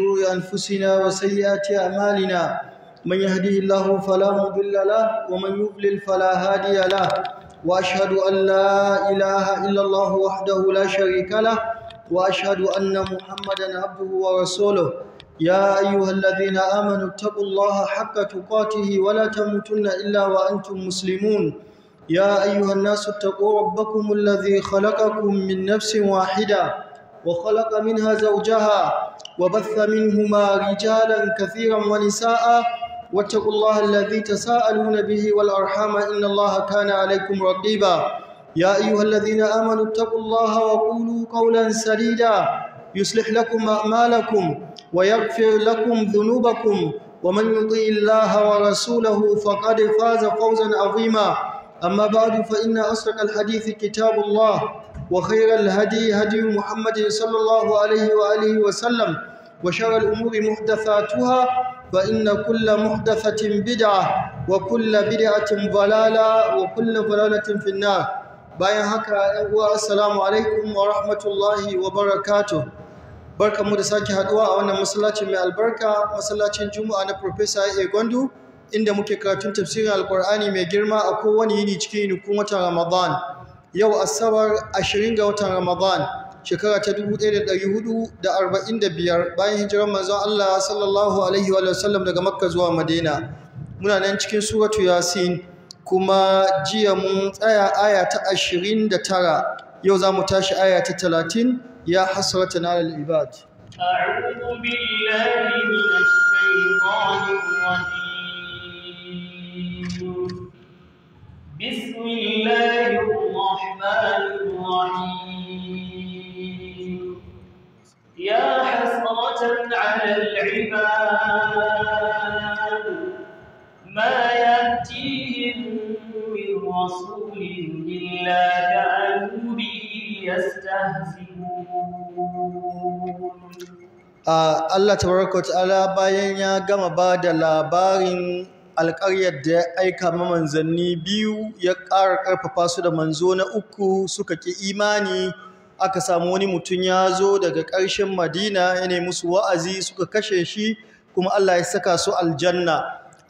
شرور أنفسنا وسيئات أعمالنا من يهده الله فلا مضل له ومن يضلل فلا هادي له وأشهد أن لا إله إلا الله وحده لا شريك له وأشهد أن محمدا عبده ورسوله يا أيها الذين آمنوا اتقوا الله حق تقاته ولا تموتن إلا وأنتم مسلمون يا أيها الناس اتقوا ربكم الذي خلقكم من نفس واحدة وخلق منها زوجها وبث منهما رجالا كثيرا ونساء واتقوا الله الذي تساءلون به والأرحام إن الله كان عليكم رقيبا يا أيها الذين آمنوا اتقوا الله وقولوا قولا سديدا يصلح لكم أعمالكم ويغفر لكم ذنوبكم ومن يطيع الله ورسوله فقد فاز فوزا عظيما أما بعد فإن أصدق الحديث كتاب الله وخير الهدي هدي محمد صلى الله عليه وآله وسلم وشر الأمور محدثاتها فإن كل محدثة بدعة وكل بدعة ضلالة وكل ضلالة في النار bayan haka uwa assalamu alaikum wa rahmatullahi wa barakatuh barkamu da sake haduwa a wannan masallacin mai albarka masallacin juma'a na professor A Gondo inda muke karatun tafsirin alqur'ani mai girma a kowane yini cikin kuma ta Ramadan yau asabar 20 ga watan Ramadan shekara ta 1445 bayan hijirar manzon Allah sallallahu alaihi wa sallam daga Makka zuwa Madina muna nan cikin suratu Yasin kuma jiya mun tsaya aya ta 29 yau za mu tashi aya ta 30 ya hasratan alal ibad a'udhu billahi minash shaitanir rajim بسم الله الرحمن الرحيم يا حسرة على العباد ما يأتيهم من رسول إلا كانوا به يستهزئون آه، الله تبارك وتعالى bayan ya gama ba da labarin alƙaryar da ya aika ma manzanni biyu ya ƙara ƙarfafa su da manzo na uku suka ƙi imani aka samu wani mutum ya zo daga ƙarshen madina ya nemi musu wa'azi suka kashe shi kuma Allah ya saka su aljanna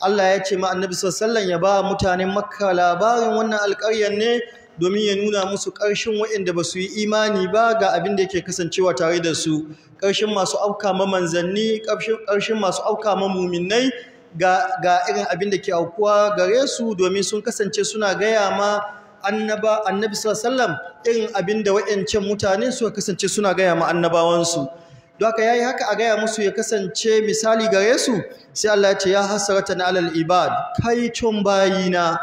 Allah ya ce ma annabi sallallahu ya ba mutanen makka labarin wannan alƙaryar ne domin ya nuna musu ƙarshen waɗanda ba su yi imani ba ga abin da yake kasancewa tare da su ƙarshen masu auka ma manzanni ƙarshen masu auka ma muminai ga irin abin da ke aukuwa gare su domin sun kasance suna gaya ma annaba annabi sallallahu irin abin da wayancan mutane suka kasance suna gaya ma annabawansu don haka yayi haka a gaya musu ya kasance misali gare su sai Allah ya ce ya na alal ibad kai cun bayina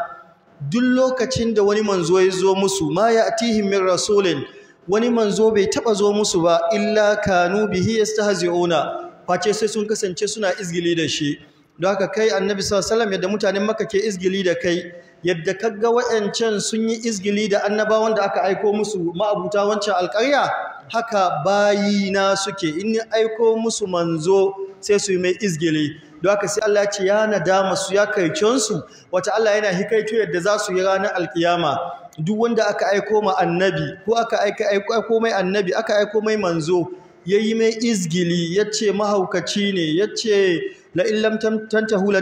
duk lokacin da wani manzo ya zo musu ma ya'tihim min rasulin wani manzo bai taba zo musu ba illa kanu bihi yastahzi'una face sai sun kasance suna izgili da shi don haka kai annabi sallallahu alaihi yadda mutanen makka ke izgili da kai yadda kaga wayancan sun yi izgili da annabawan da aka aiko musu ma'abuta wancan alƙarya haka bayina suke in aiko musu manzo sai su yi mai izgili don haka sai Allah ce ya nadama su ya kaicen su wata Allah yana hikaito yadda za su yi ranar alkiyama duk wanda aka aiko ma annabi ko aka aiko mai annabi aka aiko mai manzo ya yi mai izgili ya ce mahaukaci ne ya ce la'illam tantahu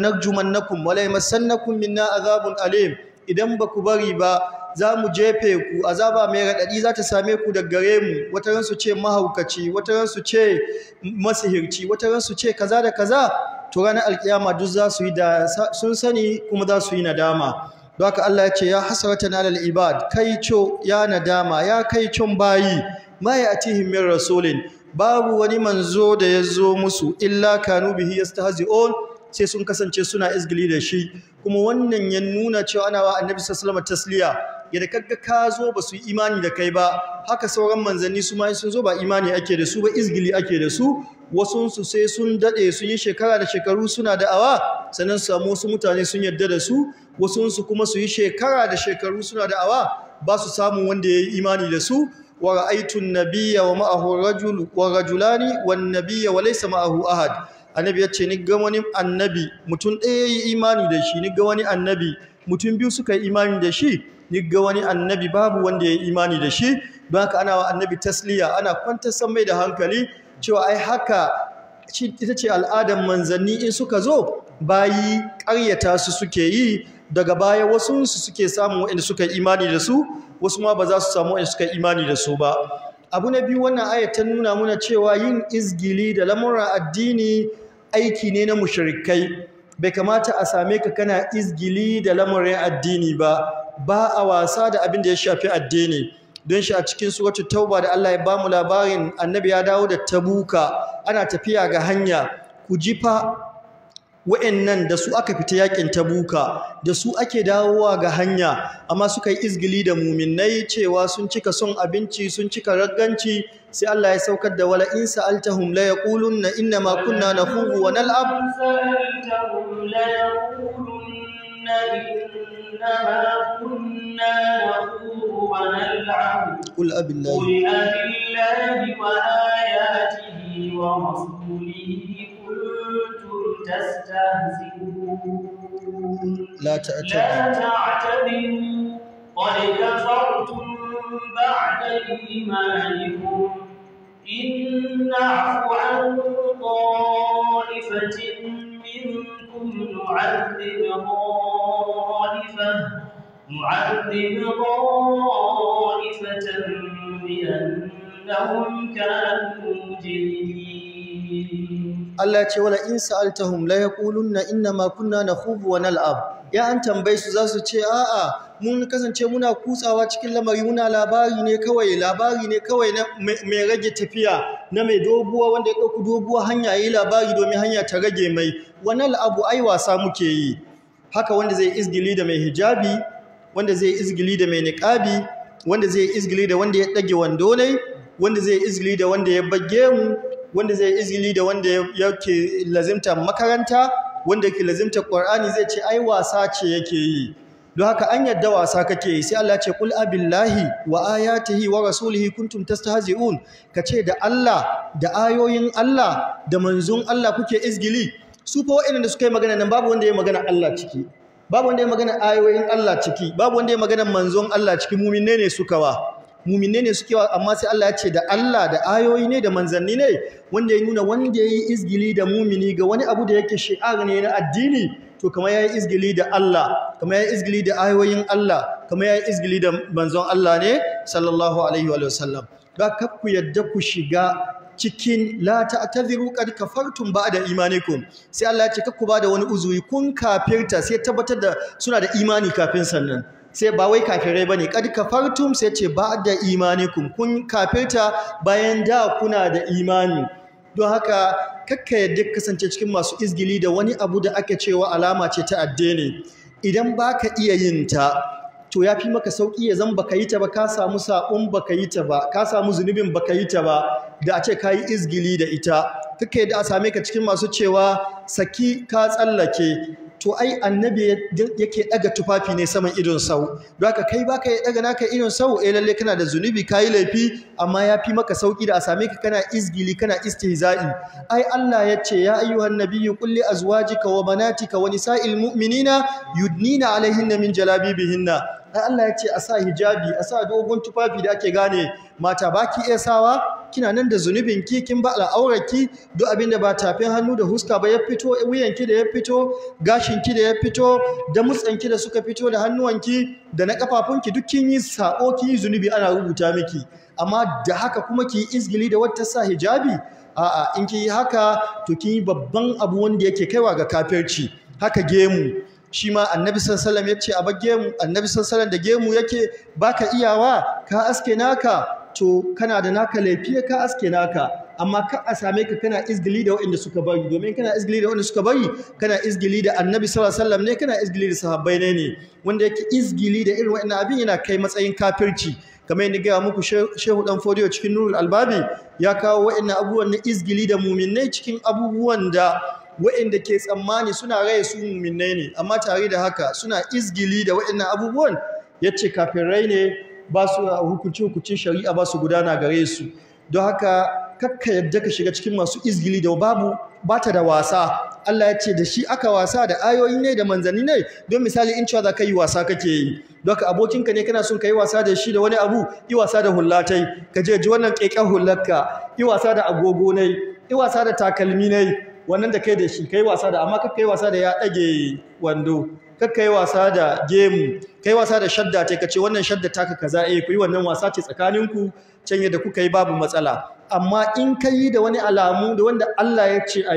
masan na kuma minna azabun alim idan ba ku bari ba za mu jefe ku azaba mai raɗaɗi za ta same ku da gare mu wataransu ce mahaukaci wataransu ce masihirci wataransu ce kaza da kaza to ranar alkiyama duk za su yi da sun sani kuma za su yi nadama don haka Allah ya ce ya hasarata na al’ibad, kai co ya nadama ya kai con bayi ma ya atihim min rasulin babu wani manzo da ya zo musu illa kanu bihi yastahzi'un sai sun kasance suna izgili da shi kuma wannan ya nuna cewa ana wa annabi sallallahu alaihi wasallam tasliya yadda kaga ka zo ba su yi imani da kai ba haka sauran manzanni su ma sun zo ba imani ake da su ba izgili ake da su wasu su sai sun dade sun yi shekara da shekaru suna da awa sannan su samu wasu mutane sun yarda da su wasu su kuma su yi shekara da shekaru suna da awa ba su samu wanda ya yi imani da su ورأيت wa ومعه رجل ورجلان والنبي وليس معه أحد annabi ya ce ni ga wani annabi mutum ɗaya yi imani da shi ni ga wani annabi mutum biyu suka yi imani da shi ni ga wani annabi babu wanda ya yi imani da shi don haka ana wa annabi tasliya ana kwantar san mai da hankali cewa ai haka ita ce al'adar manzanni in suka zo bayi ƙaryata su suke yi daga baya wasu su suke samun waɗanda suka imani da su wasu ma ba za su samu wanda suka imani da su ba abu na biyu wannan ayat nuna muna cewa yin izgili da lamura addini aiki ne na mushrikai bai kamata a same ka kana izgili da lamarin addini ba ba a wasa da abin da ya shafi addini don shi a cikin suratu tauba da Allah ya bamu labarin annabi ya dawo da tabuka ana tafiya ga hanya ku ji wa'annan da su aka fita yakin tabuka da su ake dawowa ga hanya amma suka yi izgili da muminai cewa sun cika son abinci sun cika ragganci sai Allah ya saukar da wala in sa'altahum la yaquluna inna ma kunna nahubu wa nal'ab قل أب الله وآياته ورسوله كنتم تستهزئون لا تعتذروا لا تعتذروا قد كفرتم بعد إيمانكم إن نعفو عن طائفة منكم نعذب طائفة نعذب طائفة بأنهم كانوا مجرمين Allah ce wala in sa'altahum la yaqulunna inna ma kunna nakhubu wa nal'ab ya an tambaye su zasu ce a'a mun kasance muna kutsawa cikin lamari muna labari ne kawai labari ne kawai na mai rage tafiya na mai doguwa wanda ya dauki doguwa hanya yayi labari domin hanya ta rage mai wa nal'abu ai wasa muke yi haka wanda zai izgili da mai hijabi wanda zai izgili da mai niqabi wanda zai izgili da wanda ya dage wando ne wanda zai izgili da wanda ya bagge mu wanda zai izgili da wanda yake lazimta makaranta wanda yake lazimta Qur'ani zai ce ai wasa ce yake yi don haka an yadda wasa kake yi sai Allah ce kul abillahi wa ayatihi wa rasulihi kuntum tastahzi'un kace da Allah da ayoyin Allah da manzon Allah kuke izgili su fa da suka yi magana nan babu wanda ya magana Allah ciki babu wanda ya magana ayoyin Allah ciki babu wanda ya magana manzon Allah ciki mu'minne ne suka wa mumine ne suke amma sai Allah ya ce da Allah da ayoyi ne da manzanni ne wanda ya nuna wanda ya yi izgili da mumini ga wani abu da yake shi'ar ne na addini to kamar ya yi izgili da Allah Kama ya yi izgili da ayoyin Allah Kama ya yi izgili da manzon Allah ne sallallahu alaihi wa sallam ba kar ku yadda ku shiga cikin la ta'tadhiru qad kafartum ba'da imanikum sai Allah ya ce kar ku da wani uzuri kun kafirta sai tabbatar da suna da imani kafin sannan sai ba wai kafirai ba bane ka kafartum sai ce ba da imanikum kun kafirta bayan da kuna da imani don haka kakka yadda kasance cikin masu izgili da wani abu da ake cewa alama ce ta addini idan ba ka iya yin ta to ya fi maka sauƙi ya zan baka yi ta ba ka samu saƙon baka yi ta ba ka samu zunubin baka yi ta ba da a ce ka yi izgili da ita kakka da a same ka cikin masu cewa saki ka tsallake to ai annabi yake daga tufafi ne saman idon sau don haka kai baka ya daga naka idon sau eh lalle kana da zunubi kai laifi amma yafi maka sauki da a same ka kana izgili kana istihza'i ai Allah ya ce ya ayyuhan nabiyyu qul li azwajika wa banatika wa nisa'il mu'minina yudnina alaihinna min jalabibihinna ai Allah ya ce a sa hijabi a sa dogon tufafi da ake gane mata baki iya sawa kina nan da zunubin ki kin ba al'aurarki duk abin da ba tafin hannu da huska ba ya fito wuyanki da ya fito gashinki da ya fito da mutsanki da suka fito da hannuwanki da na kafafunki duk kin yi sako kin yi zunubi ana rubuta miki amma da haka kuma ki yi izgili da wata sa hijabi a'a in ki yi haka to kin yi babban abu wanda yake kaiwa ga kafirci haka gemu shi ma annabi sallallahu ya ce a bar gemu annabi sallallahu da gemu yake baka iyawa ka aske naka to kana da naka laifi ka aske naka amma ka a same ka kana izgili da waɗanda suka bari domin kana izgili da waɗanda suka bari kana izgili da annabi sallallahu alaihi wasallam ne kana izgili da sahabbai ne ne wanda yake izgili da irin waɗannan abin yana kai matsayin kafirci kamar yadda gaya muku shehu dan fodiyo cikin nurul albabi ya kawo waɗannan abubuwan na izgili da muminai cikin abubuwan da wa'inda ke tsammani suna raye su muminai ne amma tare da haka suna izgili da wa'innan abubuwan Ya yace kafirai ne ba su hukunci hukuncin shari'a ba su gudana gare su don haka kakka yadda ka shiga cikin masu izgili da babu ba ta da wasa Allah ya ce da shi aka wasa da ayoyi ne da manzani ne don misali in cewa za ka yi wasa kake yi don haka abokinka ne kana son ka yi wasa da shi da wani abu yi wasa da hulatai. ka je ji wannan ƙeƙen hullarka yi wasa da agogo ne yi wasa da takalmi ne wannan da kai da shi kai wasa da amma kai wasa da ya dage wando kakka wasa da gemu kai wasa da shadda ta kace wannan shadda taka kaza eh ku yi wannan wasa ce tsakaninku can yadda kuka yi babu matsala amma in ka yi da wani alamu da wanda Allah ya ce a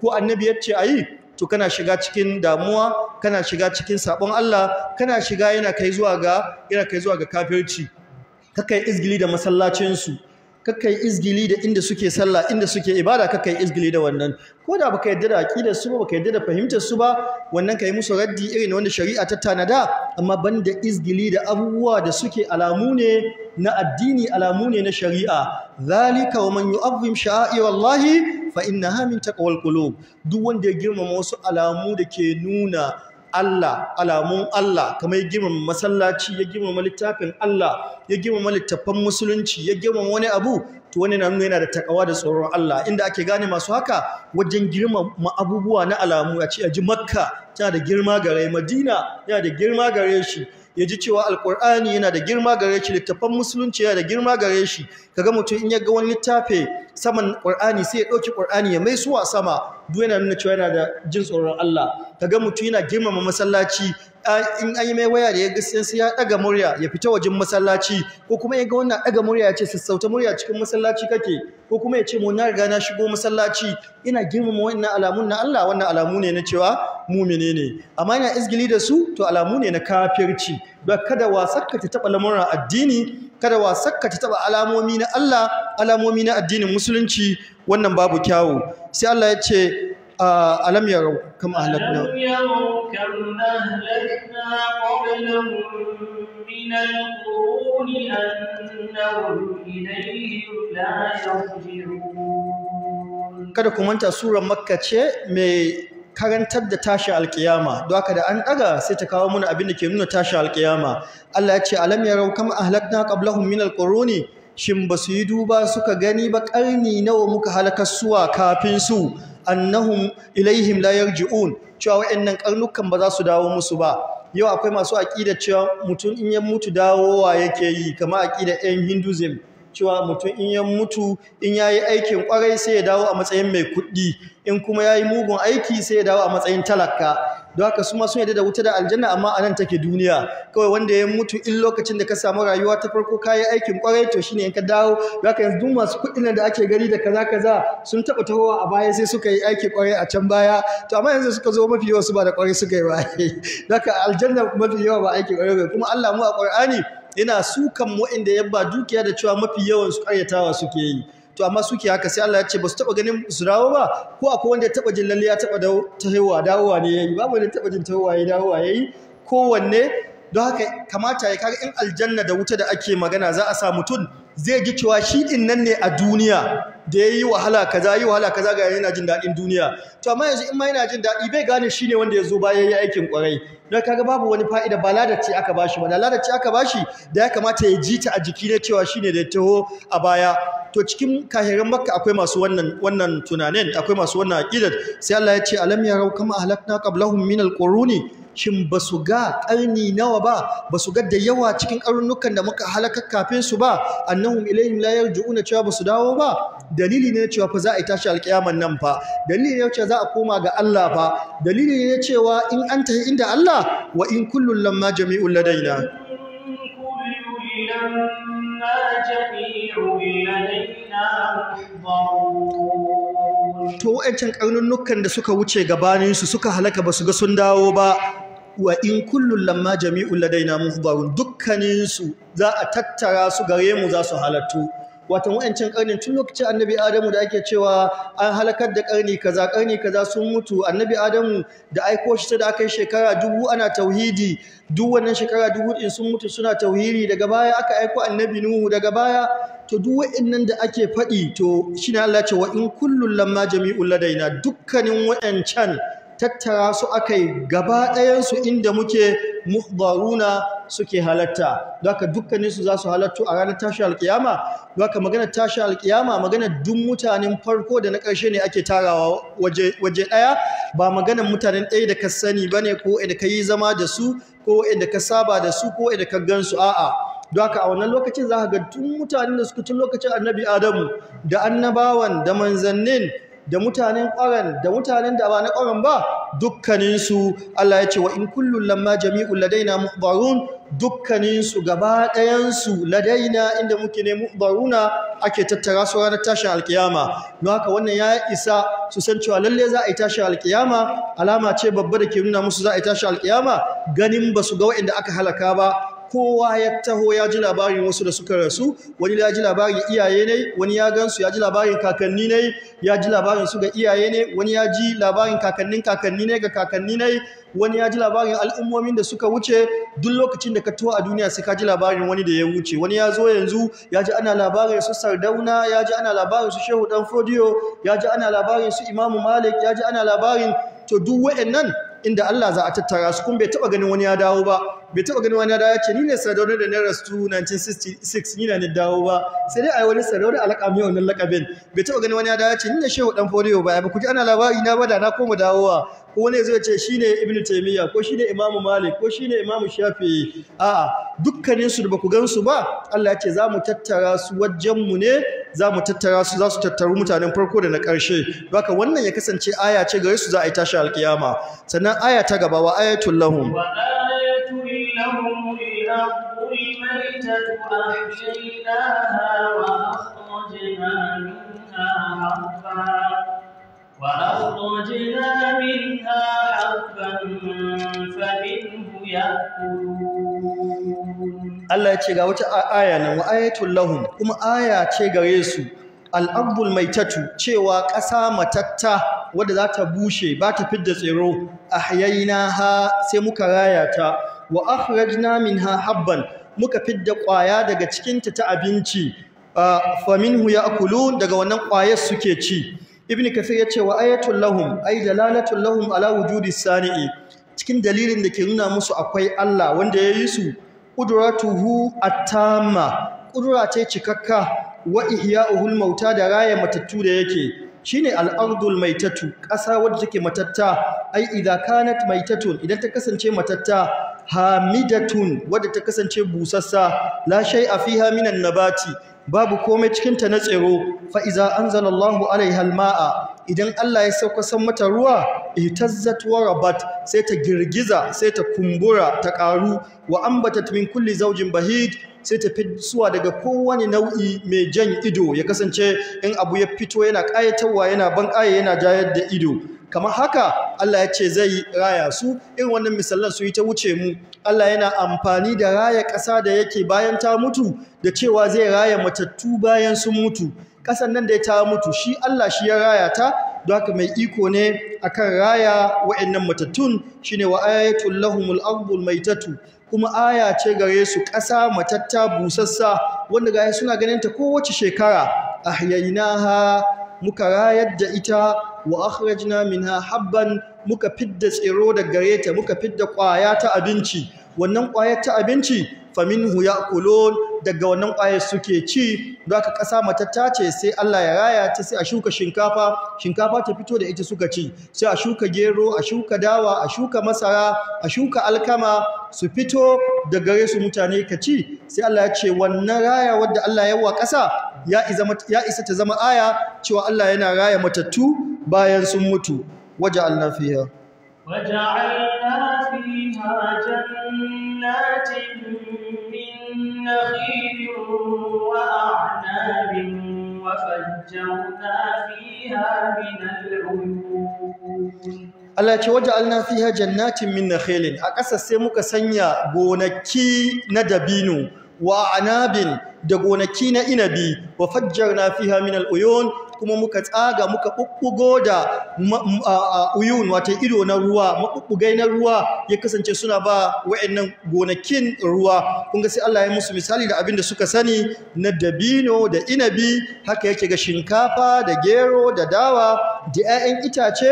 ko annabi ya ce ayi to kana shiga cikin damuwa kana shiga cikin sabon Allah kana shiga yana kai zuwa ga yana kai zuwa ga kafirci kakka izgili da masallacin su kakkai izgili da inda suke sallah inda suke ibada kakkai izgili da wannan ko da baka yadda da aqidar su ba baka yadda da fahimtar su ba wannan kai musu raddi irin wanda shari'a ta tanada amma banda izgili da abubuwa da suke alamu ne na addini alamu ne na shari'a zalika wa man yu'azzim wallahi. fa innaha min taqwal qulub duk wanda ya girmama wasu alamu da ke nuna Allah alamun Allah kamar girmama masallaci ya girmama littafin Allah ya girmama littafan musulunci ya girmama wani abu to wani na yana da takawa da tsoron Allah inda ake gane masu haka wajen girmama abubuwa na alamu a ce a ji Makka tana da girma gare Madina yana da girma gare shi ya ji cewa alkur'ani yana da girma gare shi littafan musulunci yana da girma gare shi kaga mutum in ya ga wani littafi saman Qur'ani sai ya dauki Qur'ani ya mai suwa sama duk yana nuna cewa yana da jin tsoron Allah kaga mutum yana girmama masallaci in an yi mai waya da ya ga sai ya daga murya ya fita wajen masallaci ko kuma ya ga wannan daga murya ya ce sassauta murya cikin masallaci kake ko kuma ya ce mu na riga na shigo masallaci ina girmama wannan alamun na Allah wannan alamu ne na cewa mumine ne amma ina izgili da su to alamu ne na kafirci Da kada wasakka ta taba lamuran addini kada sakka ta taba alamomi na Allah alamomi na addinin musulunci wannan babu kyawu sai Allah ya ce alam yarau kam ahlakna kada ku manta surar makka ce mai karantar da tashi alkiyama don haka da an daga sai ta kawo muna abin da ke nuna tashi alkiyama Allah ya ce alam yarau kama ahlakna qablahum min alquruni shin su yi duba suka gani ba karni nawa muka halakar suwa kafin su annahum ilaihim la yarji'un cewa wayannan karnukan ba za su dawo musu ba yau akwai masu aqida cewa mutum in ya mutu dawowa yake yi kamar aqida 'yan Hinduism cewa mutum in ya mutu in ya yi aikin kwarai sai ya dawo a matsayin mai kuɗi in kuma ya yi mugun aiki sai ya dawo a matsayin talaka don haka su masu yadda da wuta da aljanna amma a nan take duniya kawai wanda ya mutu in lokacin da ka samu rayuwa ta farko ka yi aikin kwarai to shine in ka dawo don haka yanzu duk masu kuɗin nan da ake gani da kaza kaza sun taɓa tahowa a baya sai suka yi aiki kwarai a can baya to amma yanzu suka zo mafi yawa su ba da kwarai suka yi ba don haka aljanna mafi yawa ba aiki kwarai kuma Allah mu a Qur'ani Ina sukan waɗanda ya ba dukiya da cewa mafi yawan su ƙaryatawa suke yi to amma suke haka sai Allah ya ce ba su taba ganin su dawo ba ko akwai wanda ya taba jin lalle ya taba tahowa dawowa ne yayi babu wanda ya taba jin tahowa yayi dawowa yayi kowanne don haka kamata ya kaga in aljanna da wuta da ake magana za a sa mutum? zai ji cewa shi din nan ne a duniya da ya yi wahala kaza yi wahala kaza ga yana jin daɗin duniya to amma yanzu in ma yana jin daɗi. bai gane shi ne wanda ya zo bayan yi aikin ƙwarai. don kaga babu wani fa'ida ba ladace aka bashi ba ladace aka bashi da ya kamata ya ji ta a jiki ne cewa shi ne da taho a baya to cikin kahirin makka akwai masu wannan tunanin akwai masu wannan aqidar sai Allah ya ce alam ya kama ahlakna qablahum min alquruni shin ba su ga ƙarni nawa ba ba su ga da yawa cikin ƙarnukan da muka halakar kafin su ba annahum ilayhim la na cewa ba su dawo ba dalili ne cewa fa za a yi tashi alƙiyaman nan fa dalili ne cewa za a koma ga Allah fa dalili ne cewa in an tafi inda Allah wa in kullun lamma jami'un ladaina to wa'ancan karnunnukan da suka wuce gabaninsu suka halaka ba su ga sun dawo ba wa in kullum lamma jami'un ladaina muhbarun dukkanin su za a tattara su gare mu za su halattu watan wayancin karni tun lokacin annabi adamu da ake cewa an halakar da karni kaza karni kaza sun mutu annabi adamu da aiko shi ta da aka yi shekara dubu ana tauhidi duk wannan shekara dubu din sun mutu suna tauhidi daga baya aka aiko annabi nuhu daga baya to duk wayannan da ake faɗi to shine Allah ce wa in lamma jami'un ladaina dukkanin wayancan tattara su aka yi gaba ɗayansu inda muke muhbaruna suke halatta doka dukkanin su za su halattu a ranar tashi alkiyama doka magana tashi alkiyama magana duk mutanen farko da na ƙarshe ne ake tarawa waje ɗaya ba magana mutanen ɗaya da ka sani ba ne, ko da ka yi zama da su ko da ka saba da su ko da ka gan su a'a don a wannan lokacin za ka ga tun mutanen da suka tun lokacin annabi adamu da annabawan da manzannin da mutanen ƙoran da mutanen da ba na ƙoran ba dukkaninsu Allah ya ce wa in kullun lamma jami'u ladaina muhbarun dukkaninsu gaba ɗayansu ladaina inda muke ne muhbaruna ake tattara su ranar tashin alkiyama don haka wannan ya isa su san cewa lalle za a yi tashin alkiyama alama ce babba da ke nuna musu za a yi tashin alkiyama ganin ba su ga waɗanda aka halaka ba kowa ya taho ya ji labarin wasu da suka rasu wani ya ji labarin iyaye ne wani ya gansu ya ji labarin kakanni ne ya ji labarin su ga iyaye ne wani ya ji labarin kakannin kakanni ne ga kakanni ne wani ya ji labarin al'ummomin da suka wuce duk lokacin da ka taho a duniya sai ka ji labarin wani da ya wuce wani ya zo yanzu ya ji ana labarin su sardauna ya ji ana labarin su shehu dan fodiyo ya ji ana labarin su imamu malik ya ji ana labarin to duk wa'annan inda Allah za a tattara su kun bai taba ganin wani ya dawo ba bai taba ganin wani ya dawo ya ce ni ne da na rasu 1966 ni na dawo ba sai dai ai wani sarauni alaka mai wannan lakabin bai taba ganin wani ya dawo ya ce ni ne shehu dan fodiyo ba ba ku ji ana labari na bada na koma dawowa ko wani zai ce shine ibnu Taimiyya ko shine imam malik ko shine imam shafi'i a'a dukkanin su da baku gan su ba Allah ya ce za mu tattara su wajen mu ne za mu tattara su za su tattaru mutanen farko da na ƙarshe haka wannan ya kasance aya ce gare su za a yi tashi alkiyama sannan aya ta gaba wa ayatul lahum وأخرجنا منها حبا فمنه يأكلون Allah ya ce ga wata aya nan wa ayatul lahum kuma aya ce gare su al-ardul maitatu cewa ƙasa matatta wadda za ta bushe ba ta fidda tsiro ahyaynaha sai muka raya ta wa akhrajna minha habban muka fidda ƙwaya daga cikinta ta abinci minhu ya'kulun daga wannan ƙwayar suke ci ibn kathir ya ce wa ayatul lahum ay dalalatul lahum ala wujudi sani'i cikin dalilin da ke nuna musu akwai Allah wanda ya yi su qudratuhu a tamma qudura ce cikakka wa ihya'uhul mauta da raya matattu da yake shine al mai maitatu ƙasa wadda take matatta ai idza kanat maitatun idan ta kasance matatta hamidatun wadda ta kasance busassa la shay'a fiha minan nabati babu komai cikinta na tsero, fa'iza an zanallahu alaiha almaa idan Allah ya sauka san mata ruwa itazzat wa rabat sai ta girgiza sai ta kumbura ta ƙaru wa ambatat min kulli zaujin bahid sai ta fitsuwa daga kowane nau'i mai jan ido ya kasance in abu ya fito yana ƙayatarwa yana ban yana jayar da ido kamar haka Allah ya ce zai raya su irin wannan misalan su yi ta wuce mu Allah yana amfani da raya ƙasa da yake bayan ta mutu da cewa zai raya matattu bayan su mutu ƙasan nan da ya ta mutu shi Allah shi ya raya ta don haka mai iko ne akan raya wa'annan matattun shine wa ayatul lahumul ardul maitatu kuma aya ce gare su ƙasa matatta busassa wanda ga suna ganin ta kowace shekara ahyaynaha muka rayar da ita wa akhrajna minha habban muka fidda tsiro da gareta, muka fidda ƙwaya ta abinci wannan ƙwayar ta abinci faminhu ya'kulun daga wannan ƙwayar suke ci Za ka ƙasa matatta ce sai Allah ya raya ta sai a shuka shinkafa shinkafa ta fito da ita suka ci sai a shuka gero a shuka dawa a shuka masara a shuka alkama su fito da gare su mutane ka ci sai Allah ya ce wannan raya wadda Allah ya wa ƙasa ya isa ta zama aya cewa Allah yana raya matattu bayan sun mutu waje fiye. وجعلنا فيها جنات من نخيل وأعناب وفجرنا فيها من العيون Allah ce waje alna ha jannatin min nakhilin a ƙasa sai muka sanya gonaki na dabino wa anabin da gonaki na inabi wa fajjarna fiha min al-uyun kuma muka tsaga muka ɓuɓɓugo da uyun wato ido na ruwa maɓuɓɓugai na ruwa ya kasance suna ba wa'annan gonakin ruwa kun sai Allah ya musu misali da abin da suka sani na dabino da inabi haka yake ga shinkafa da gero da dawa da 'ya'yan itace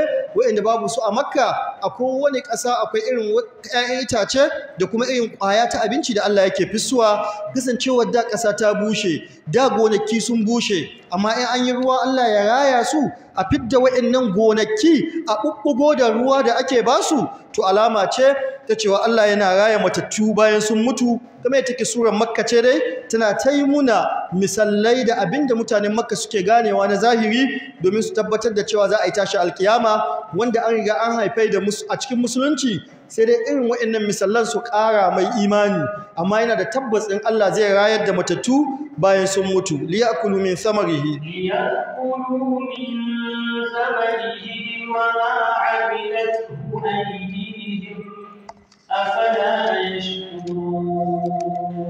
da babu su a makka a kowane ƙasa akwai irin 'ya'yan itace da kuma irin ƙwaya ta abinci da Allah yake fisuwa kasancewar da ƙasa ta bushe da gonaki sun bushe amma in an yi ruwa Allah ya raya su a fidda waɗannan gonaki a ɓuɓɓugo da ruwa da ake basu to alama ce ta cewa Allah yana raya matattu bayan sun mutu kamar take surar makka ce dai tana ta muna misallai da abinda mutanen makka suke ganewa na zahiri domin su tabbatar da cewa za a yi tashi alkiyama wanda an riga an haifai da a cikin musulunci sai dai irin waɗannan misallan su ƙara mai imani amma yana da tabbas ɗin Allah zai rayar da matattu bayan sun mutu liyakulu min samarihi liyakulu min samarihi wa ma 'amilathu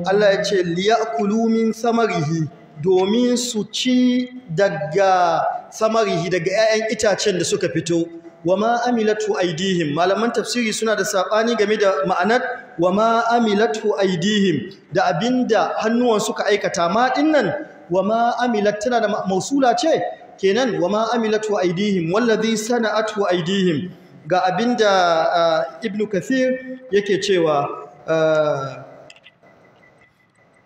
Allah ya ce liyakulu min samarihi domin su ci daga samarihi daga 'ya'yan itacen da suka fito wama amilatu aidihim malaman tafsiri suna da saɓani game da ma'anar wama amilatu aidihim da abinda hannuwan suka aikata ma dinnan wama amilat tana da mausula ce kenan wama amilatu aidihim wallazi sana'atu aidihim ga abin da eh, ibn kathir yake cewa eh,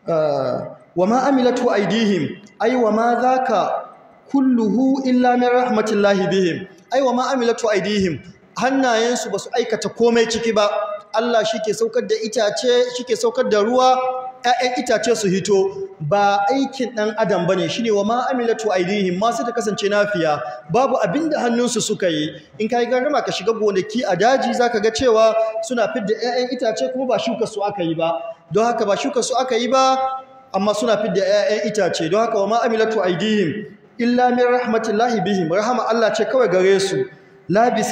eh, wa ma amilatu aidihim ai wa ma zaka kulluhu illa min rahmatillahi bihim ai wa ma amilatu aidihim hannayensu basu aikata komai ciki ba Allah shi ke saukar da itace shi ke saukar da ruwa ‘ya'yan itace su hito ba aikin ɗan adam ba ne shi ne wa ma'amilatu ainihin masu ta kasance nafiya babu abin da hannunsu suka yi in ka yi garama ka shiga gonaki a daji za ka ga cewa suna fidda ‘ya'yan itace kuma ba shuka su aka yi ba don haka ba shuka su aka yi ba amma suna fidda ‘ya'yan itace don haka wa ma'amilatu aidihim illa min rahmatillahi bihim rahama Allah ce kawai gare su la bi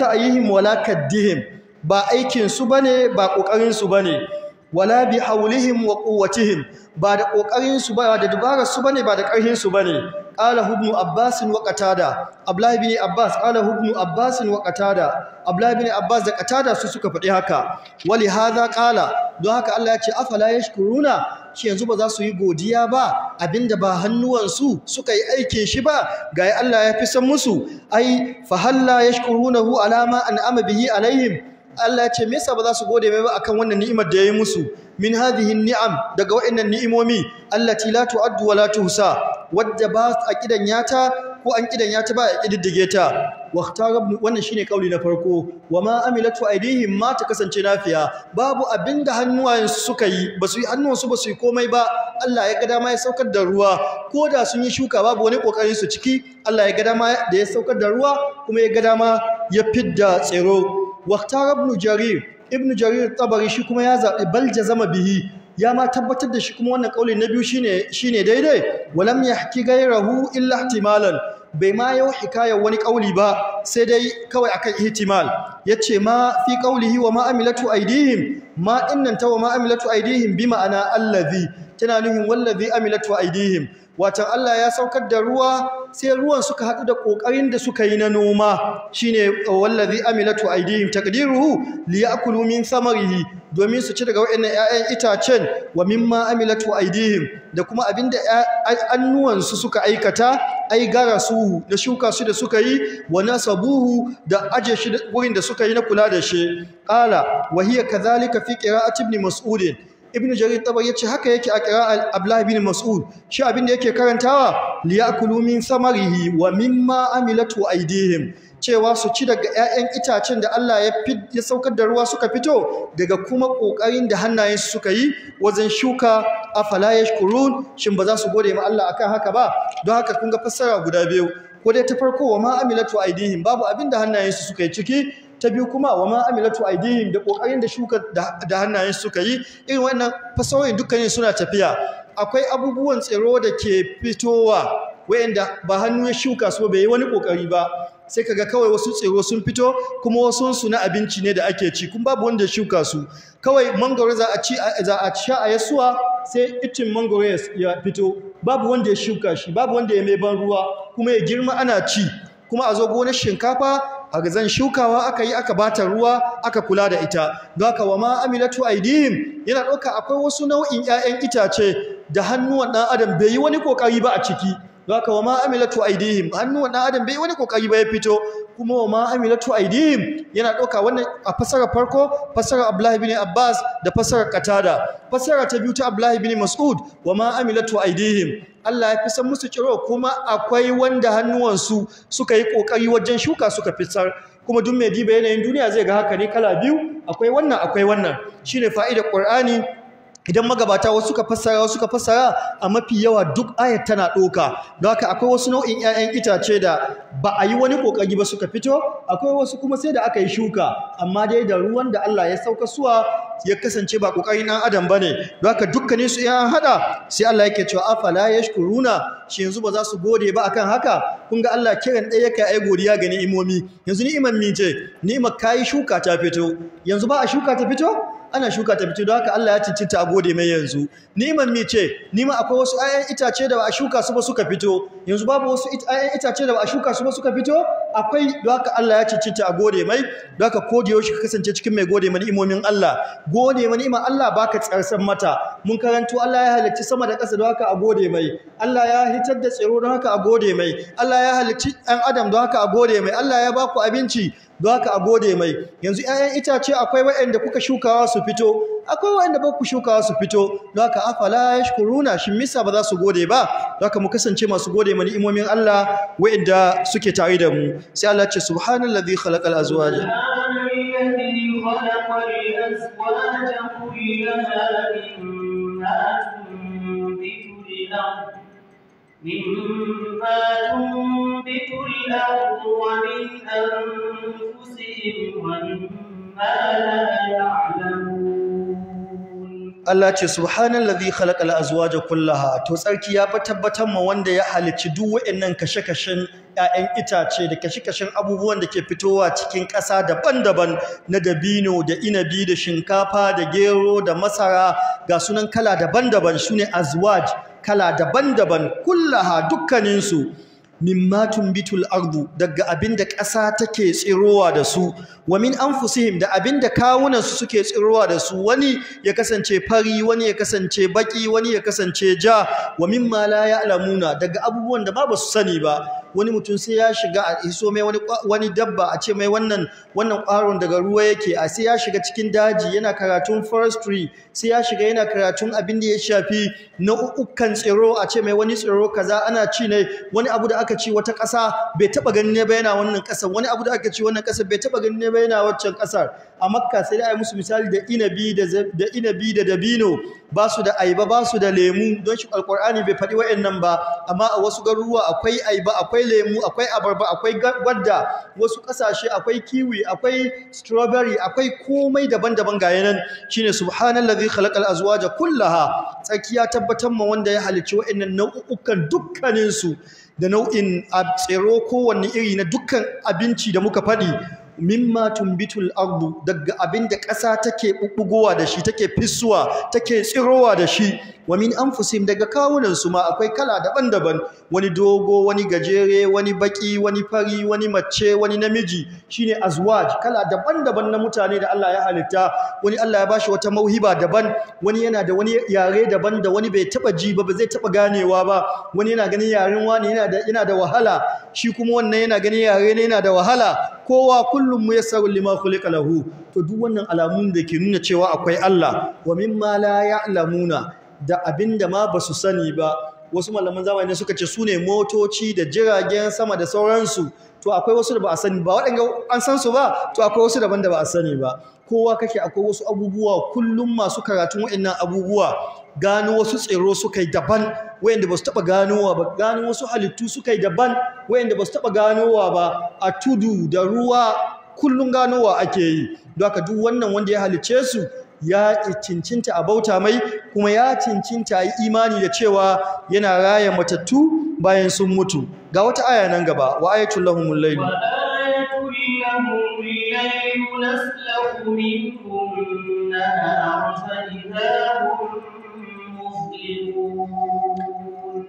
wala kaddihim ba aikin su bane ba kokarin bane wala bi haulihim wa quwwatihim ba da kokarin su ba da dubarar su bane ba da karhin su bane qala hubnu abbas wa qatada abla ibn abbas qala hubnu abbas wa qatada abla ibn abbas da qatada su suka faɗi haka wali hadha qala don haka Allah ya ce afala yashkuruna shi yanzu ba za su yi godiya ba abinda ba hannuwan su suka yi aikin shi ba ga ya Allah ya fi san musu ai fa halla yashkurunahu alama an'ama bihi alaihim Allah ya ce me yasa ba za su gode mai ba akan wannan ni'imar da ya yi musu min hadhihi ni'am daga wa'annan ni'imomi allati la tu'addu wa la tuhsa wadda ba a kidan yata ko an kidan yata ba a kididdige ta waqtarabnu wannan shine kauli na farko wama amilatu aidihim ma ta kasance nafiya babu abinda hannuwayen suka yi Ba su yi hannuwansu su yi komai ba Allah ya ga dama ya saukar da ruwa ko da sun yi shuka babu wani kokarin su ciki Allah ya ga dama da ya saukar da ruwa kuma ya ga dama ya fidda tsiro waqtar ibn jarir ibnu jarir tabari shi kuma ya zabi bal zama bihi ya ma tabbatar da shi kuma wannan kauli na biyu shine shine daidai walam yahki gairahu illa ihtimalan bai ma yau hikaya wani kauli ba sai dai kawai akan ihtimal yace ma fi qaulihi wa ma amilatu aidihim ma innanta wa ma amilatu aidihim bi ma'ana allazi tana nuhin wallazi amilatu aidihim wato Allah ya saukar da ruwa sai ruwan suka haɗu da ƙoƙarin da suka yi na noma shine uh, wallazi amilatu aidihim taqdiruhu liyakulu min samarihi domin su ci daga waɗannan ƴaƴan itacen wa mimma amilatu aidihim da kuma abinda annuwansu suka aikata ai garasu da shuka su da suka yi wa nasabuhu da aje shi wurin da suka yi na kula da shi qala wa hiya kadhalika fi qira'ati ibn mas'ud ibn jarir taba yace haka yake a qira'a Abdullahi bin mas'ud shi abin da yake karantawa liyakulu min samarihi wa mimma amilatu aydihim cewa su ci daga ƴaƴan itacen da Allah ya ya saukar da ruwa suka fito daga kuma kokarin da hannayen suka yi wajen shuka afala yashkurun shin ba za su gode ma Allah akan haka ba don haka kun ga fassara guda biyu ko dai ta farko wa ma amilatu aydihim babu abin da hannayen su suka yi ciki ta biyu kuma wa ma amilatu aidihim da kokarin da shuka da hannayen suka yi irin wannan fasahohin dukkanin suna tafiya akwai abubuwan tsero da ke fitowa wayanda ba hannu ya shuka su bai yi wani kokari ba sai kaga kawai wasu tsero sun fito kuma wasu sun na abinci ne da ake ci kuma babu wanda ya shuka su kawai mangoro za a ci za a sha a yasuwa sai itin mangoro ya fito babu wanda ya shuka shi babu wanda ya mai ban ruwa kuma ya girma ana ci kuma a zo gonar shinkafa A harzan shukawa aka yi aka bata ruwa aka kula da ita ka wa ma amilatu aidihim yana ɗauka akwai wasu nau'in 'ya'yan itace da hannuwan ɗan adam bai yi wani kokari ba a ciki haka wa ma amilatu aidihim hannu dan adam bai wani kokari ba ya fito kuma wa ma amilatu aidihim yana ɗauka wannan a fasara farko fasara Abdullah ibn Abbas da fasara Qatada fasara ta biyu ta Abdullah ibn Mas'ud wa ma amilatu aidihim Allah ya fi san musu kiro kuma akwai wanda hannuwansu suka yi kokari wajen shuka suka fitar kuma duk mai diba yanayin duniya zai ga haka ne kala biyu akwai wannan akwai wannan shine fa'idar Qur'ani idan magabata wasu ka fassara wasu ka fassara a mafi yawa duk ayat tana doka. don haka akwai wasu nau'in 'ya'yan itace da ba a yi wani kokari ba suka fito akwai wasu kuma sai da aka yi shuka amma dai da ruwan da Allah ya sauka suwa ya kasance ba kokarin ɗan adam bane ne don haka dukkanin su an haɗa sai Allah yake cewa afala yashkuruna shi yanzu ba za su gode ba akan haka kun ga Allah kiran ɗaya yake ai godiya ga ni'imomi yanzu ni'imar mi ce ni'imar kayi shuka ta fito yanzu ba a shuka ta fito ana shuka ta fito don haka Allah ya cinci a gode mai yanzu niman mi ce nima akwai wasu ayan itace da ba a shuka su ba suka fito yanzu babu wasu ayan itace da ba a shuka su ba suka fito akwai don haka Allah ya cinci a gode mai don haka kodi yaushe ka kasance cikin mai gode mai imomin Allah gode mani ma Allah baka tsarsan mata mun karanto Allah ya halicci sama da ƙasa don haka a gode mai Allah ya hitar da tsiro don haka a gode mai Allah ya halicci ɗan adam don haka a gode mai Allah ya baku abinci don haka a gode mai yanzu 'ya'yan itace akwai waɗanda kuka shukawa su fito akwai waɗanda ba ku shukawa su fito don haka afala kuruna shi misa ba za su gode ba don haka mu kasance masu gode mani imomin Allah waɗanda suke tare da mu sai Allah ce subhanallah khalaqal azwaj مما تنبت الأرض ومن أنفسهم ومما لا يعلمون Allah ce subhanan azwaja kullaha to tsarki ya tabbatar ma wanda ya halicci duk wayannan kashe-kashen 'ya'yan itace da kashe-kashen abubuwan da ke fitowa cikin ƙasa daban-daban na dabino da inabi da shinkafa da gero da masara ga sunan kala daban-daban sune azwaj kala daban-daban kullaha dukkaninsu Min matun bitul ardu daga abinda ƙasa take tsirowa da su wa min anfusihim da abin da kawunansu suke tsirowa da su wani ya kasance fari wani ya kasance baki wani ya kasance ja wa min ma la ya'lamuna daga abubuwan da ba ba su sani ba wani mutum sai ya shiga a iso mai wani dabba a ce mai wannan ƙwaron daga ruwa yake a sai ya shiga cikin daji yana karatun forestry sai ya shiga yana karatun abin da ya shafi na ukan tsiro a ce mai wani tsiro kaza ana ci ne wani abu da aka ci wata ƙasa bai taɓa ganin ne ba yana wannan ƙasar wani abu da aka ci wannan ƙasar bai taɓa ganin ne ba yana waccan ƙasar a makka sai da ai musu misali da da inabi da dabino ba su da aiba ba su da lemu don shi alkur'ani bai faɗi wa'annan ba amma a wasu garuruwa akwai aiba akwai lemu akwai abarba akwai gwadda wasu ƙasashe akwai kiwi akwai strawberry akwai komai daban-daban ga yanan shine subhanallazi khalaqal azwaja kullaha tsakiya tabbatar ma wanda ya halicci wa'annan nau'ukan dukkanin da nau'in tsiro kowanne iri na dukkan abinci da muka faɗi mimma tumbitul ardu daga abinda ƙasa take bubbugowa da shi take fissuwa take tsirowa da shi wa min anfusihim daga kawunan su ma akwai kala daban-daban wani dogo wani gajere wani baki wani fari wani mace wani namiji shine azwaj kala daban-daban na mutane da Allah ya halitta wani Allah ya bashi wata mauhiba daban wani yana da wani yare daban da wani bai taba ji ba zai taba ganewa ba wani yana ganin yaren wani yana da wahala shi kuma wannan yana ganin yare ne yana da wahala kowa kullu kullum muyassarun lima khuliqa lahu to duk wannan alamun da ke nuna cewa akwai Allah wa mimma la ya'lamuna da abinda ma basu sani ba wasu malaman zamani suka ce sune motoci da jiragen sama da sauransu to akwai wasu da ba a sani ba waɗanda an san su ba to akwai wasu daban da ba a sani ba kowa kake akwai wasu abubuwa kullum masu karatun waɗannan abubuwa gano wasu tsiro suka yi daban wayanda ba su taɓa ganowa ba gano wasu halittu suka yi daban wayanda ba su taɓa ganowa ba a tudu da ruwa kullun ganowa ake yi Da duk wannan wanda ya halice su ya cincinta a bauta mai kuma ya cincinta a yi imani da cewa yana raya matattu bayan sun mutu ga wata aya nan gaba wa ayatul lahumul layl wa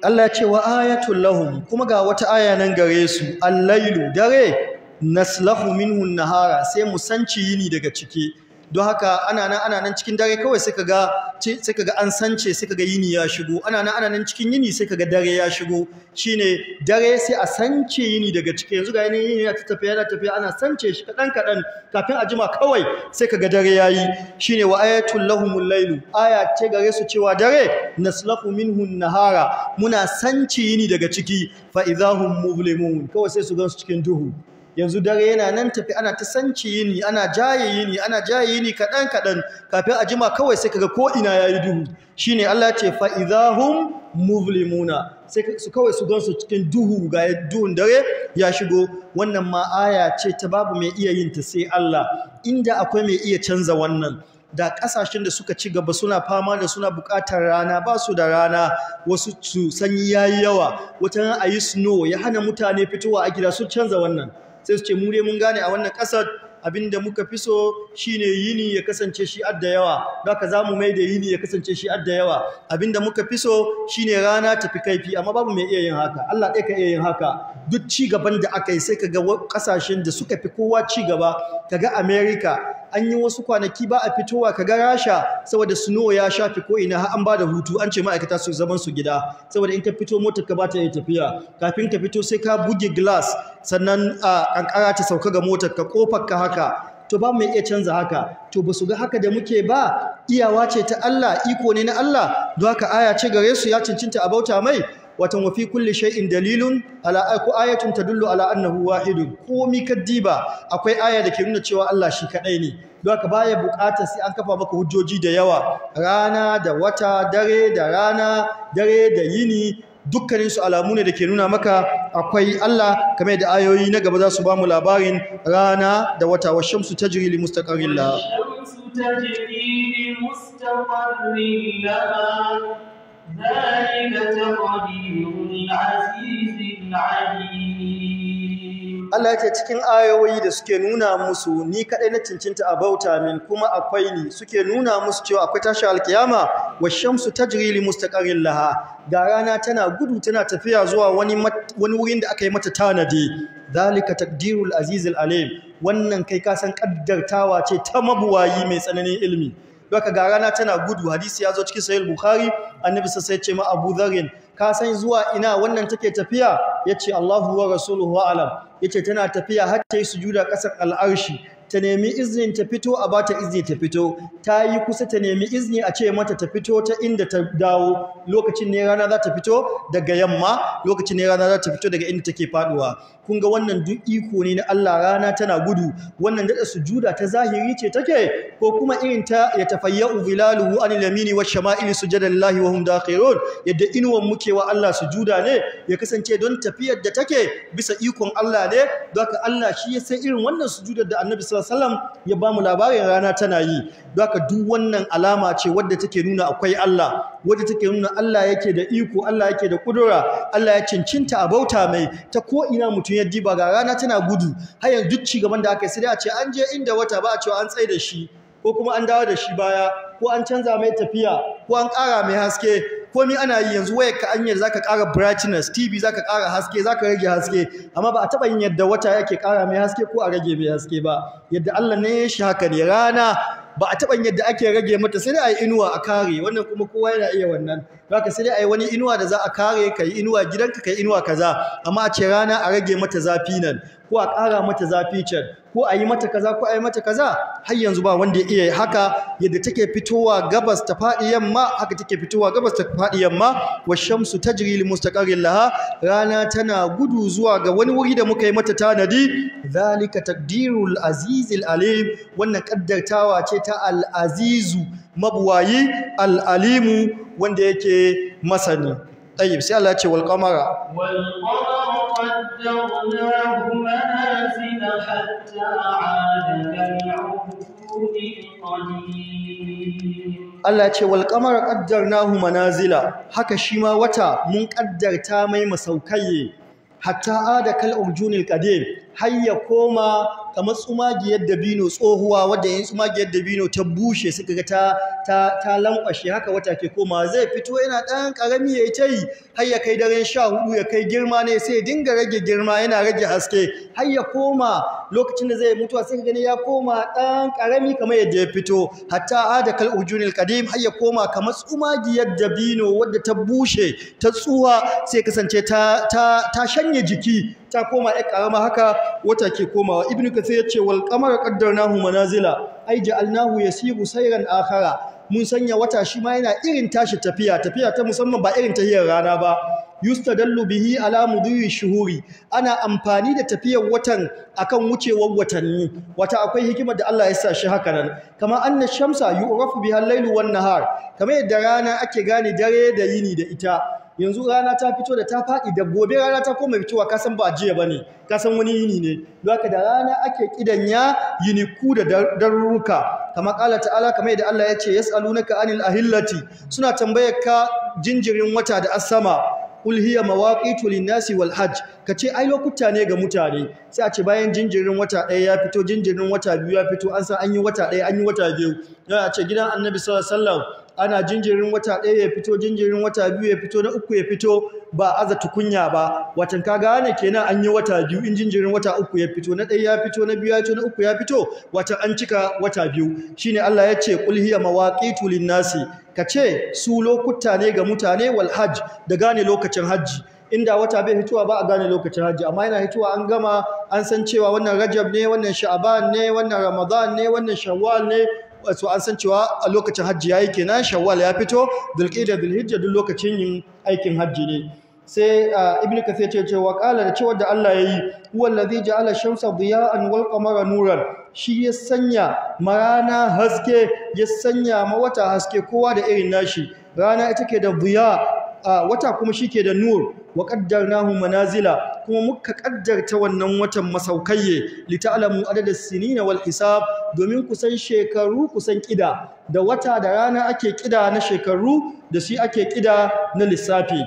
Allah ya ce wa ayatul lahum kuma ga wata aya nan gare su allailu dare naslahu minhu nahara sai mu sanci yini daga ciki don haka ana nan ana nan cikin dare kawai sai kaga sai kaga an sance sai kaga yini ya shigo ana nan ana nan cikin yini sai kaga dare ya shigo shine dare sai a sance yini daga ciki yanzu ga yini ta tafiya yana tafiya ana sance shi kadan kadan kafin a jima kawai sai kaga dare yayi shine wa ayatul lahumul lailu aya ce gare su cewa dare naslafu minhu nahara muna sance yini daga ciki fa idahum mublimun kawai sai su gan su cikin duhu yanzu dare yana nan tafi ana ta sanci yini ana jaye yini ana jaye yini kaɗan kaɗan kafin a jima kawai sai kaga ko ina yayi duhu shine Allah ce fa idahum muzlimuna sai su kawai su gansu cikin duhu ga duhun dare ya shigo wannan ma aya ce ta babu mai iya yin ta sai Allah inda akwai mai iya canza wannan da kasashen da suka ci gaba suna fama da suna bukatar rana ba su da rana wasu su sanyi yayi yawa wata a yi snow ya hana mutane fitowa a gida su canza wannan sai su ce mu dai mun gane a wannan ƙasar abinda muka fi so shine yini ya kasance shi adda yawa za zamu mai da yini ya kasance shi adda yawa abinda muka fi so shine rana tafi kaifi amma babu mai iya yin haka Allah ɗaya ka iya yin haka duk ci gaban da aka yi sai ka ga kasashen da suka fi kowa ci gaba ka ga America an yi wasu kwanaki ba a fitowa ka ga rasha saboda suno ya shafi ko ina har an da hutu an ce ma'aikata su zaman su gida saboda in ka fito motar ka ba ta yi tafiya kafin ka fito sai ka buge glass sannan a kankara ta sauka ga motar ka kofar ka haka to ba mu iya canza haka to ba su ga haka da muke ba iyawa ce ta Allah iko ne na Allah don haka aya ce gare su ya cincinta a bauta mai watan wafi kulle kulli shay'in dalilun ala aku ayatun tadullu ala annahu wahidun komi kaddiba akwai aya da ke nuna cewa Allah shi kadai ne don haka baya bukatar sai an kafa maka hujjoji da yawa rana da wata dare da rana dare da yini dukkanin alamu ne da ke nuna maka akwai Allah kamar da ayoyi na gaba za su ba mu labarin rana da wata wa shamsu tajri li ذلك تقدير العزيز العليم Allah ce cikin ayoyi da suke nuna musu ni kadai na cincinta a bauta min kuma akwai ni suke nuna musu cewa akwai tashi alkiyama washamsu tajri li mustaqarrin laha ga rana tana gudu tana tafiya zuwa wani wani wurin da aka yi mata tanadi zalika takdirul azizil alim wannan kai ka san kaddartawa ce ta mabuwayi mai tsananin ilimi baka ga rana tana gudu hadisi ya zo cikin sahih bukhari annabi sai ya ce ma abu zarin ka san zuwa ina wannan take tafiya yace Allahu wa rasuluhu alam yace tana tafiya har ta yi sujuda kasar al'arshi ta nemi iznin ta fito a bata izini ta fito ta yi kusa ta nemi izni a ce mata ta fito ta inda ta dawo lokacin ne rana za ta fito daga yamma lokacin ne rana za ta fito daga inda take faduwa kun ga wannan duk iko ne na Allah rana tana gudu wannan daɗe sujuda ta zahiri ce take ko kuma irin ta ya tafayyau bilaluhu anil yamini wash shama'ili sujadan lillahi wa hum dakhirun yadda inuwan muke wa Allah sujuda ne ya kasance don tafiyar da take bisa ikon Allah ne don haka Allah shi ya san irin wannan sujudar da Annabi sallallahu alaihi wasallam ya ba mu labarin rana tana yi don haka duk wannan alama ce wadda take nuna akwai Allah wadda take nuna Allah yake da iko Allah yake da kudura Allah ya cincinta a bauta mai ta ko ina mutum ya diba ga rana tana gudu har yanzu duk cigaban da aka yi sai a ce an je inda wata ba a cewa an tsaye da shi ko kuma an dawo da shi baya ko an canza mai tafiya ko an ƙara mai haske Ko ni ana yi yanzu wayar ka anyar zaka ƙara brightness TV zaka ƙara haske zaka rage haske amma ba a taɓa yin yadda wata yake ƙara mai haske ko a rage mai haske ba yadda Allah ne ya shi haka ne rana ba a taɓa yadda ake rage mata sai dai a yi inuwa a kare wannan kuma kowa yana iya wannan zaka sai dai a yi wani inuwa da za a kare ka yi inuwa gidanka ka yi inuwa kaza amma a ce rana a rage mata zafi nan ko a ƙara mata zafi can ko a yi mata kaza ko a yi mata kaza har yanzu ba wanda ya iya haka yadda take fitowa gabas ta faɗi yamma haka take fitowa gabas ta faɗi yamma wa shamsu tajri li mustaqarrin laha rana tana gudu zuwa ga wani wuri da muka yi mata tanadi zalika taqdirul azizil alim wannan kaddartawa ce ta al azizu mabwayi al alimu wanda yake masani tayyib sai Allah ya ce wal qamara wal qamara qaddarnahu manazila hatta Allah ce wal qamara qaddarnahu manazila haka shi ma wata mun kaddarta mai masaukaye hatta ada kal urjunil qadim har ya koma kamar tsumagiyar dabino tsohuwa wadda yin tsumagiyar dabino ta bushe suka ga ta haka wata ke koma zai fito yana dan karami yayi tayi har ya kai daren sha hudu ya kai girma ne sai ya dinga rage girma yana rage haske har koma lokacin da zai mutuwa a gani ya koma ɗan ƙarami kamar yadda ya fito hatta ada kal ujunil qadim har ya koma kamar tsumagiyar dabino wadda ta bushe ta tsuwa sai kasance ta shanye jiki ta koma ya karama haka wata ke komawa ibn kathir ya ce wal qamara qaddarnahu manazila ai ja'alnahu yasiru sayran akhara mun sanya wata shi ma yana irin tashi tafiya tafiya ta musamman ba irin tahiyar rana ba yustadallu bihi ala mudiri shuhuri ana amfani da tafiyar watan akan wucewar watanni wata akwai hikimar da Allah ya sa shi haka nan kama anna shamsa yu'rafu biha al-lailu wan nahar kamar yadda rana ake gane dare da yini da ita yanzu rana ta fito da ta faɗi da gobe rana ta koma fitowa ka san ba jiya bane ka san wani yini ne don haka da rana ake kidanya ku da darurruka kamar ƙala ta'ala kamar yadda Allah ya ce yas'alunaka anil ahillati suna tambayar ka jinjirin wata da asama qul hiya mawaqitu nasi wal hajj kace ai lokuta ne ga mutane sai a ce bayan jinjirin wata ɗaya ya fito jinjirin wata biyu ya fito an san an yi wata ɗaya an yi wata biyu ya ce gidan Annabi sallallahu alaihi wasallam ana jinjirin wata ɗaya ya fito jinjirin wata biyu ya fito na uku ya fito ba aza tukunya ba watan ka gane kenan an yi wata biyu in jinjirin wata uku ya fito na ɗaya ya fito na biyu ya fito na uku ya fito watan an cika wata biyu shine Allah ya ce qul hiya mawaqitu linnasi Ka ce su lokuta ne ga mutane wal hajj da gane lokacin hajji inda wata bai hituwa ba a gane lokacin hajji amma yana hituwa an gama an san cewa wannan rajab ne wannan sha'aban ne wannan ramadan ne wannan shawwal ne so an san cewa a lokacin hajji ya yayi kenan shawwal ya fito dhulqa'da dulhijja duk lokacin yin aikin hajji ne sai ibnu kathir ya ce wa qala da cewa da Allah yayi huwa allazi ja'ala shamsa an wal mara nuran shi ya sanya marana haske ya sanya ma haske kowa da irin nashi rana ita ke da diya wata kuma shi ke da nur wa qaddarnahu manazila kuma muka kaddarta wannan watan masaukaye lita'lamu adadas sinina wal hisab domin kusan shekaru kusan kida da wata da rana ake kida na shekaru da shi ake kida na lissafi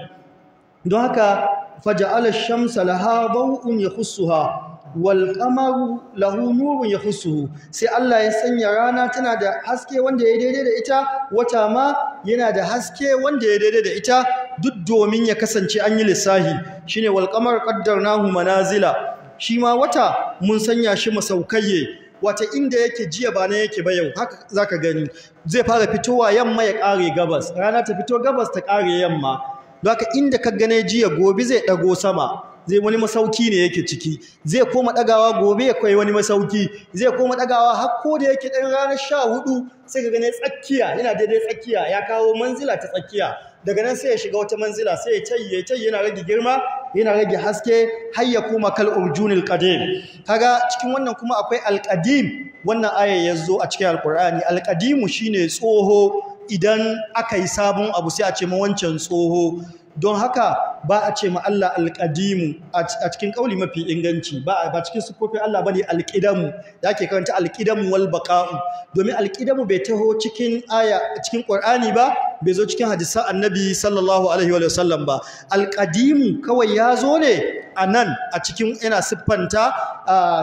don haka faja'ala shamsa laha yakhussuha walƙamaru lahu nurun ya husu sai Allah ya sanya rana tana da haske wanda ya daidai da ita wata ma yana da haske wanda ya daidai da ita duk domin ya kasance an yi lissahi shine walƙamar ƙaddar qaddarnahu manazila shi ma wata mun sanya shi masaukaye wata inda yake jiya ba na yake ba yau haka zaka gani zai fara fitowa yamma ya ƙare gabas rana ta fito gabas ta kare yamma haka inda ka gane jiya gobe zai ɗago sama zai wani masauki ne yake ciki zai koma dagawa gobe ya kai wani masauki zai koma dagawa har ko da yake dan ranar 14 sai ka gane tsakiya yana daidai tsakiya ya kawo manzila ta tsakiya daga nan sai ya shiga wata manzila sai ya tayye tayye yana rage girma yana rage haske har ya koma kal urjunil qadim kaga cikin wannan kuma akwai qadim wannan aya yazo a cikin alqur'ani qadimu shine tsoho idan aka yi sabon abu sai a ce ma tsoho don haka ba a ce ma Allah alƙadimu a cikin ƙauli mafi inganci ba a cikin sufofin Allah ba ne alƙidamu da ake karanta alƙidamu wal baƙa'u domin alƙidamu bai taho cikin aya cikin ƙwar'ani ba bai zo cikin hadisa Annabi sallallahu alaihi wa ba alƙadimu kawai ya zo ne a nan a cikin yana siffanta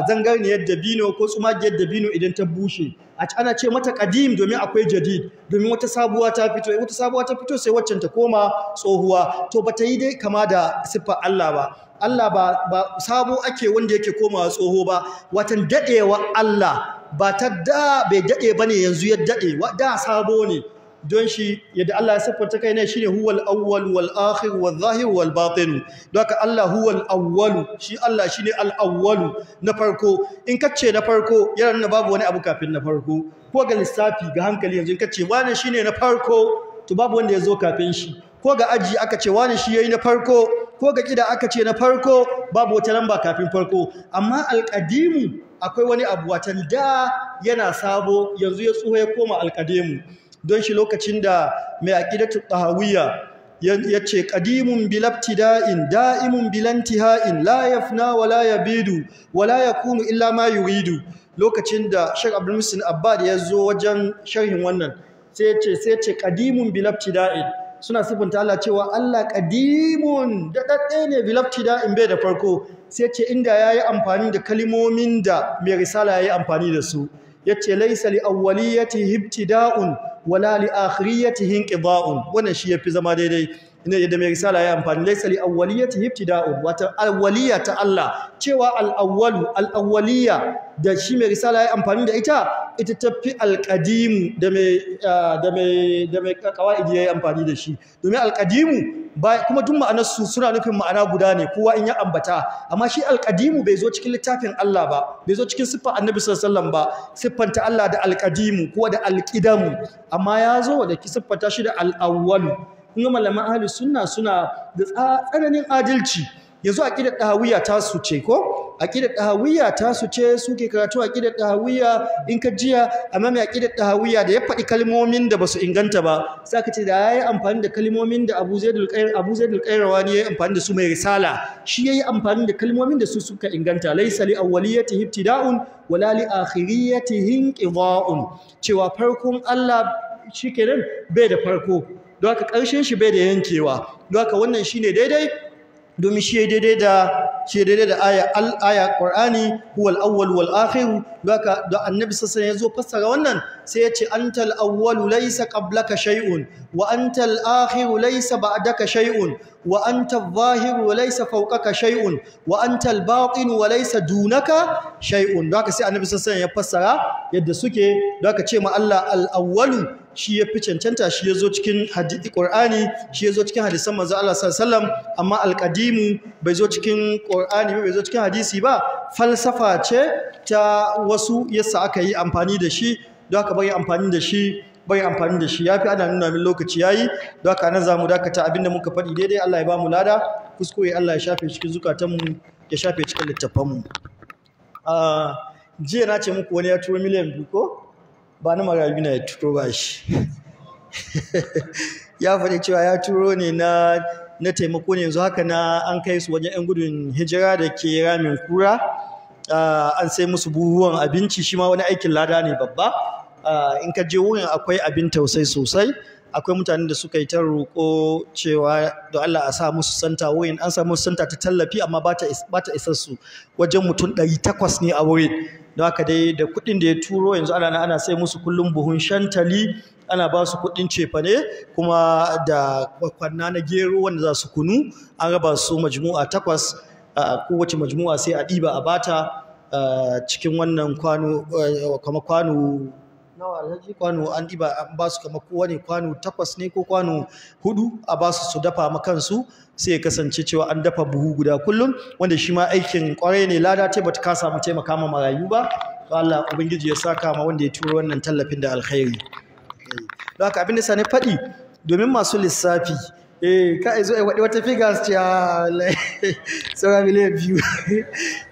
zangarniyar dabino ko tsumagiyar dabino idan ta bushe ana ce mata kadim domin akwai jadid domin wata sabuwa ta fito wata sabuwa ta fito sai waccan ta koma tsohuwa to bata yi dai kama da siffar Allah ba Allah ba, sabo ake wanda yake komawa tsoho ba watan dadewa Allah ba ta da bai dade bane yanzu ya dade da sabo ne don shi yadda Allah ya siffanta kai ne shine huwal awwal wal akhir wal zahir wal batin doka Allah huwal awwal shi Allah shine al awwal na farko in kace na farko yana babu wani abu kafin na farko ko ga lissafi ga hankali yanzu in kace wani shine na farko to babu wanda ya zo kafin shi ko ga aji aka ce wani shi yayi na farko ko ga kida aka ce na farko babu wata lamba kafin farko amma alkadimu akwai wani abu watan da yana sabo yanzu ya tsuho ya koma alqadimu don shi lokacin da mai aqidatu tahawiyya ya ce ƙadimun da'in, da'imun bilantiha'in la yafna wa la yabidu wa la yakunu illa ma yuridu lokacin da Sheikh Abdul Musin Abbad ya zo wajen sharhin wannan sai ce sai ya ce ƙadimun suna sifinta Allah cewa Allah ƙadimun daɗaɗɗe ne bilaftida'in bai da farko sai ce inda ya yi amfani da kalimomin da mai risala ya yi amfani da su yace laysa li awwaliyatihi ibtida'un wala li akhiriyatihi inqida'un wannan shi yafi zama daidai inda da mai risala ya amfani laysa li awwaliyati ibtida'u wata awwaliya ta Allah cewa al-awwalu al-awwaliya da shi mai risala ya amfani da ita ita tafi al-qadim da mai da mai da mai kawaidi ya amfani da shi domin al ba kuma duk ma'anar su suna nufin ma'ana guda ne kowa in ya ambata amma shi al bai zo cikin littafin Allah ba bai zo cikin siffar Annabi sallallahu alaihi wasallam ba siffanta Allah da al-qadimu da al amma ya zo da ta shi da al kun ga malaman ahli sunna suna da tsananin adalci yanzu aqidar ɗahawiya ta su ce ko aqidar ɗahawiya ta su ce suke karatu aqidar ɗahawiya in ka jiya amma mai aqidar ɗahawiya da ya faɗi kalmomin da ba su inganta ba sai ka ce da yayi amfani da kalmomin da Abu Zaidul Qair Abu Zaidul yayi amfani da su mai risala shi yayi amfani da kalmomin da su suka inganta laysa li awwaliyati ibtida'un wala li akhiriyatihi inqida'un cewa farkon Allah shi shikenan bai da farko don haka ƙarshen shi bai da yankewa don haka wannan ne daidai domin shi daidai da shi daidai da aya al huwal awwal wal don haka da annabi sallallahu ya zo fassara wannan sai ya ce antal awwalu laisa, qablaka shay'un wa antal akhiru laisa, ba'daka shay'un wa antal zahiru laisa, fawqaka shay'un wa antal batinu laysa dunaka shay'un don haka sai annabi sallallahu ya fassara yadda suke don haka ce ma Allah al-awwalu shi ya fi cancanta shi ya zo cikin hadisi ƙor'ani shi ya zo cikin hadisan manzo Allah sallallahu alaihi amma alqadimu bai zo cikin ƙor'ani ba bai zo cikin hadisi ba falsafa ce ta wasu yasa aka yi amfani da shi don aka bai amfani da shi bai amfani da shi yafi ana nuna min lokaci yayi don aka nan zamu dakata abinda muka faɗi daidai Allah ya ba mu lada kuskure Allah ya shafe cikin zukatanmu ya shafe cikin littafanmu ah, jiya na ce muku wani ya turo miliyan biyu ko ba na marayu na ya turo ba shi ya faɗi cewa ya turo ne na taimako ne yanzu haka na an kai su wajen 'yan gudun hijira da ke ramin kura an sai musu buhuwan abinci shi ma wani aikin lada ne babba in ka je wurin akwai abin tausai sosai akwai mutanen da suka yi ta roƙo cewa da Allah a sa musu santa wurin an sa musu santa ta tallafi amma ba ta isar su wajen mutum ɗari takwas ne a wurin don haka dai da kuɗin da ya turo yanzu ana ana sai musu kullum buhun shantali ana ba su kuɗin cefane kuma da kwanna na gero wanda za su kunu an raba su majmu'a takwas a kowace majmu'a sai a ɗiba a bata cikin wannan kwano eh, kwano nawa alhaji kwano an diba ba su kamar kowane kwano takwas ne ko kwano hudu a ba su su dafa makansu sai ya kasance cewa an dafa buhu guda kullum wanda shi ma aikin kwarai ne lada ta bata ka samu taimaka ma marayu ba to Allah ubangiji ya saka ma wanda ya turo wannan tallafin da alkhairi don haka abin da sani faɗi domin masu lissafi eh ka zo ai wadi wata figures ce ah, saura miliyan biyu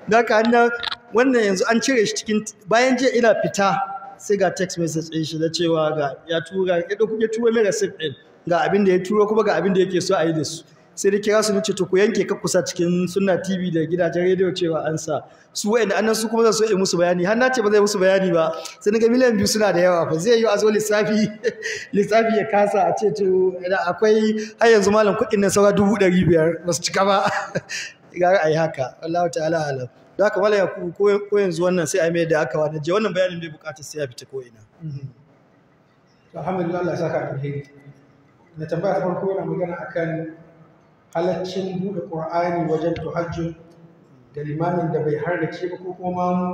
don haka wannan yanzu an cire shi cikin bayan je ina fita sai ga text message ɗin shi na cewa ga ya tura ya tura mai receipt ɗin ga abin da ya turo kuma ga abin da yake so a yi da su sai da kira su nace to ku yanke ka kusa cikin sunna tv da gidajen rediyo cewa an sa su wa'anda annan su kuma za su yi musu bayani har na ce ba zai musu bayani ba sai na ga miliyan biyu suna da yawa fa zai yi a zo lissafi lissafi ya kasa a ce to akwai har yanzu malam kuɗin nan saura dubu ɗari biyar ba su cika ba gara a yi haka wallahu ta'ala alam da haka mala yakubu ko yanzu wannan sai a mai da aka wani je wannan bayanin bai bukatar sai ya fita ko alhamdulillah Allah ya saka alheri na tambaya ta farko yana magana akan halaccin buɗe qur'ani wajen tuhajju da limamin da bai harrace ba ko kuma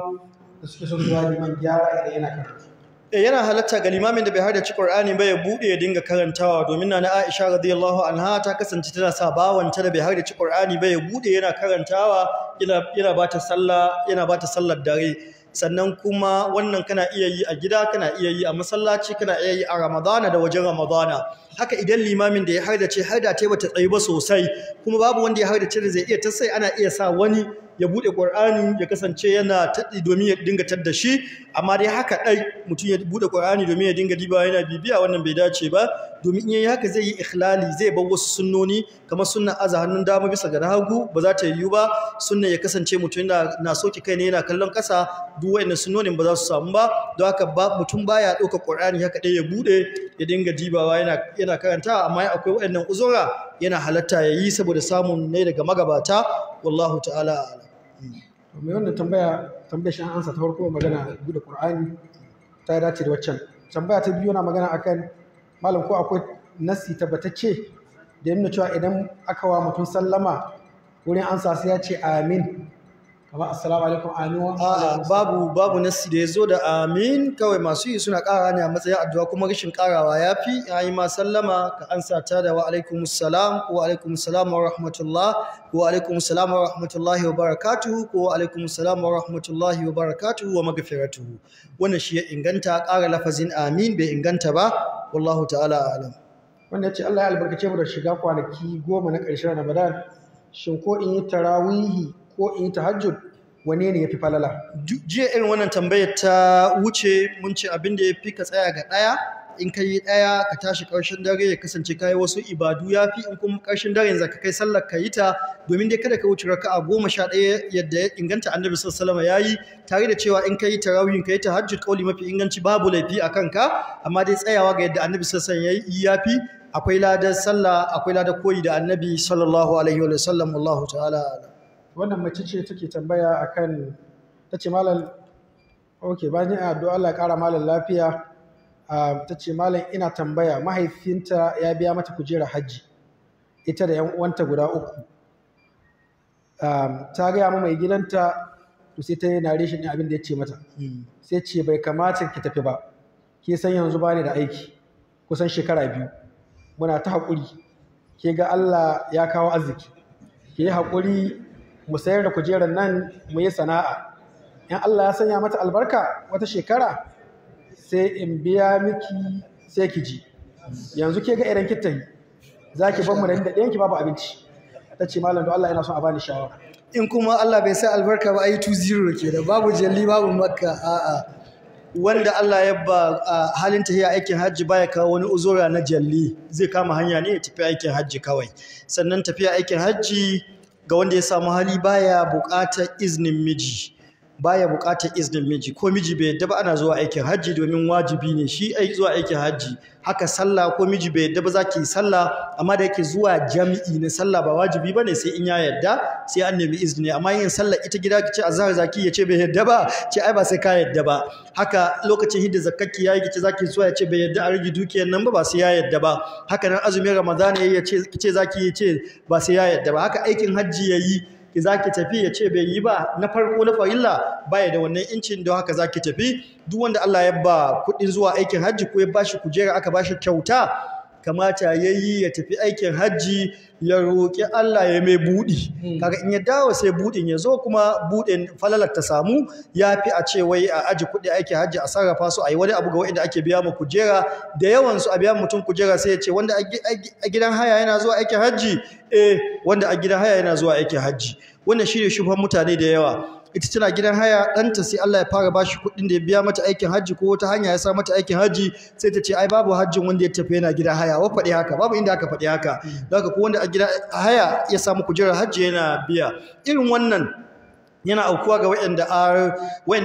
da suke son zuwa liman gyara idan yana karatu Eh, yana halatta ga limamin da bai har da ci Qur'ani ba ya bude ya dinga karantawa domin na Aisha radiyallahu anha ta kasance tana sa bawanta da bai har da ci Qur'ani ba ya bude yana karantawa yana yana bata sallah yana bata sallar dare sannan kuma wannan kana iya yi a gida kana iya yi a masallaci kana iya yi a Ramadana da wajen Ramadana haka idan limamin da ya hardace harda ta bata tsayi ba sosai kuma babu wanda ya hardace da zai iya ta sai ana iya sa wani ya bude Qur'ani ya kasance yana taɗi domin ya dinga tadda shi amma dai haka dai mutum ya bude Qur'ani domin ya dinga diba yana bibiya wannan bai dace ba domin in haka zai yi ikhlali zai bar wasu sunnoni kamar sunnan aza hannun dama bisa ga hagu ba za ta yiwu ba sunnan ya kasance mutum yana na soki kai ne yana kallon kasa duk wayannan sunnonin ba za su samu ba don haka mutum baya ɗauka Qur'ani haka dai ya bude ya dinga dibawa yana yana karanta amma akwai waɗannan uzura yana halatta ya yi saboda samun ne daga magabata wallahu ta'ala ala mai wannan tambaya tambayar shan ansa ta farko magana da qur'ani ta dace da waccan tambaya ta biyu na magana akan malam ko akwai nasi tabbatacce da yana cewa idan aka wa mutum sallama wurin ansa sai ya ce amin amma assalamu alaikum amin babu babu nasi da ya zo da amin kawai masu yi suna ƙara ne a matsayin addu'a kuma rashin ƙarawa ya yi ma sallama ka ansa ta da wa alaikum assalam ko wa alaikum assalam wa rahmatullah ko wa alaikum assalam wa rahmatullah wa barakatuhu ko wa alaikum wa rahmatullah wa barakatuhu wa maghfiratuhu wannan shi ya inganta ƙara lafazin amin bai inganta ba wallahu ta'ala alam wannan ce Allah ya albarkace mu da shiga kwanaki goma na ƙarshen Ramadan shin ko in yi tarawihi ko in yi tahajjud wane ne ya fi falala jiya irin wannan tambayar ta wuce mun ce abin da ya fi ka tsaya ga ɗaya in ka yi ɗaya ka tashi ƙarshen dare ya kasance ka wasu ibadu ya fi in kuma ƙarshen dare yanzu ka kai sallar ka yi ta domin dai kada ka wuce raka'a goma sha ɗaya yadda ya inganta annabi sallallahu alaihi ya yi tare da cewa in ka yi tarawihin ka yi tahajjud kauli mafi inganci babu laifi a kanka amma dai tsayawa ga yadda annabi sallallahu alaihi ya yi ya fi akwai ladar sallah akwai ladar koyi da annabi sallallahu alaihi wa sallam ta'ala wannan mace ce take tambaya akan ta ce malam ok bayan a addu'a Allah ya ƙara malam lafiya ah, ta ce malam ina tambaya mahaifinta ya biya mata kujera hajji ita da 'yan uwanta guda uku ah, ta gaya ma mai gidanta to sai ta yi narishin ɗin abin da ya ce mata hmm. sai ce bai kamata ki tafi ba ke san yanzu ba da aiki kusan shekara biyu muna ta haƙuri ke ga Allah ya kawo arziki ke yi haƙuri mu sayar da kujerar nan mu yi sana'a in Allah ya sanya mata albarka wata shekara sai in biya miki sai ki ji yanzu ke ga irin kitan za ki ban mu da ɗayan ki babu abinci ta ce malam Allah yana son a bani shawara in kuma Allah bai sa albarka ba ayi 2-0 ke da babu jalli babu makka a'a wanda Allah ya ba halin tafiya aikin hajji ba ya kawo wani uzura na jalli zai kama hanya ne ya tafi aikin hajji kawai sannan tafiya aikin hajji ga wanda ya samu hali baya bukatar iznin miji baya buƙatar iznin miji ko miji bai yadda ba ana zuwa aikin hajji domin wajibi ne shi ai zuwa aikin hajji haka sallah ko miji bai yadda ba za ki yi sallah amma da yake zuwa jami'i na sallah ba wajibi ba ne sai in ya yadda sai an nemi izini amma yin sallah ita gida ki ce azhar zaki ya ce bai yadda ba ce ai ba sai ka yadda ba haka lokacin hidda zakkaki yayi ki ce zaki zuwa ya ce bai yadda a rigi dukiyar nan ba ba sai ya yadda ba haka nan azumin ramadana yayi ya ce ki ce zaki ya ce ba sai ya yadda ba haka aikin hajji yayi ki zaki tafi ya ce bai yi ba na farko na farilla baya da wannan incin don haka zaki tafi duk wanda Allah ya ba kudin zuwa aikin hajji ko ya bashi kujera aka bashi kyauta kamata ya yi ya tafi aikin hajji ya roƙi Allah ya mai buɗi hmm. kaga in ya dawo sai buɗin ya zo kuma buɗin falalar ta samu ya fi a ce wai a aji kuɗi aiki hajji a sarrafa su a yi wani abu ga wa'inda ake biya ma kujera da yawan a biya mutum kujera sai ya ce wanda a gidan haya yana zuwa aikin hajji eh wanda a gidan haya yana zuwa aiki hajji wannan ne shufan mutane da yawa ita tana gidan haya ɗanta sai Allah ya fara bashi kuɗin da ya biya mata aikin hajji ko wata hanya ya sa mata aikin hajji sai ta ce ai babu hajjin wanda ya tafi yana gidan haya wa faɗi haka babu inda aka faɗi haka don haka ko wanda a gidan haya ya samu kujerar hajji yana biya irin wannan yana aukuwa ga waɗanda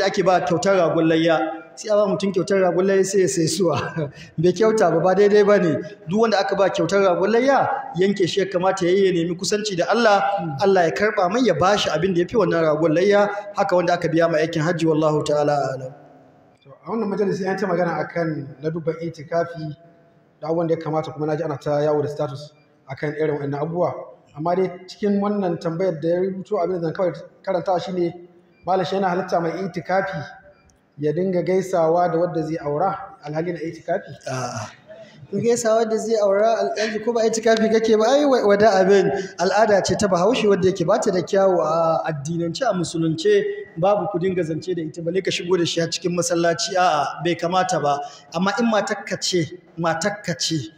ake ba kyautar ragon layya sai ba mutum kyautar ragon layya sai ya sai suwa bai kyauta ba ba daidai ba ne duk wanda aka ba kyautar ragon ya, yanke shi ya kamata ya yi ya nemi kusanci da Allah Allah ya karba mai ya shi abin da ya fi wannan ragon ya, haka wanda aka biya mai aikin hajji wallahu ta'ala alam a wannan majalisi an ta magana akan ladubban itikafi da wanda ya kamata kuma naji ana ta yawo da status akan irin wannan abubuwa amma dai cikin wannan tambayar da ya rubuto abin da zan kawai karanta shine malam shi yana halitta mai itikafi ya dinga gaisawa da wadda zai aura alhali na itikafi ku gaisawa da zai aura alƙalji ko ba itikafi kake ba ai wada abin al'ada ce ta bahaushe wadda yake bata da kyawu a addinance a musulunce babu ku dinga zance da ita bale ka shigo da shi a cikin masallaci a'a bai kamata ba amma in matakka ce matakka ce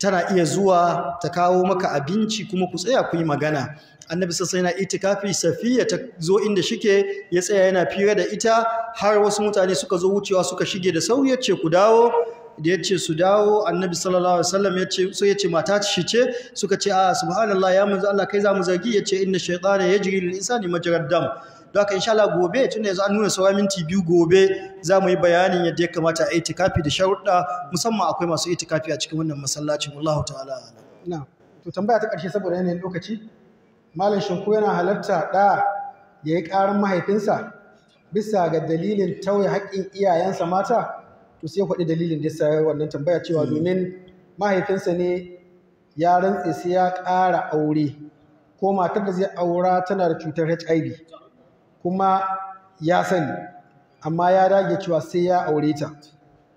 tana iya zuwa ta kawo maka abinci kuma ku tsaya ku yi magana annabi sassan na itikafi safiya ta zo inda shike ya tsaya yana fira da ita har wasu mutane suka zo wucewa suka shige da sauri yace ku dawo da yace su dawo annabi sallallahu alaihi wasallam yace so yace mata shi ce suka ce a ah, subhanallah ya manzo Allah kai zamu zargi yace inna shaytana yajri lil insani majrad dam don haka insha Allah gobe tunda yanzu an nuna sauran minti biyu gobe za mu yi bayanin yadda ya kamata a itikafi da sharuɗa musamman akwai masu itikafi a cikin wannan masallacin wallahu ta'ala na'am to tambaya ta ƙarshe saboda yanayin lokaci malam shinku yana halarta ɗa ya yi ƙarar mahaifinsa bisa ga dalilin tauye haƙƙin iyayensa mata to sai kwaɗi dalilin da sai wannan tambaya cewa hmm. domin mahaifinsa ne ya rantse sai ya ƙara aure ko matar da zai aura tana da cutar HIV kuma ya sani amma ya dage cewa sai ya aure ta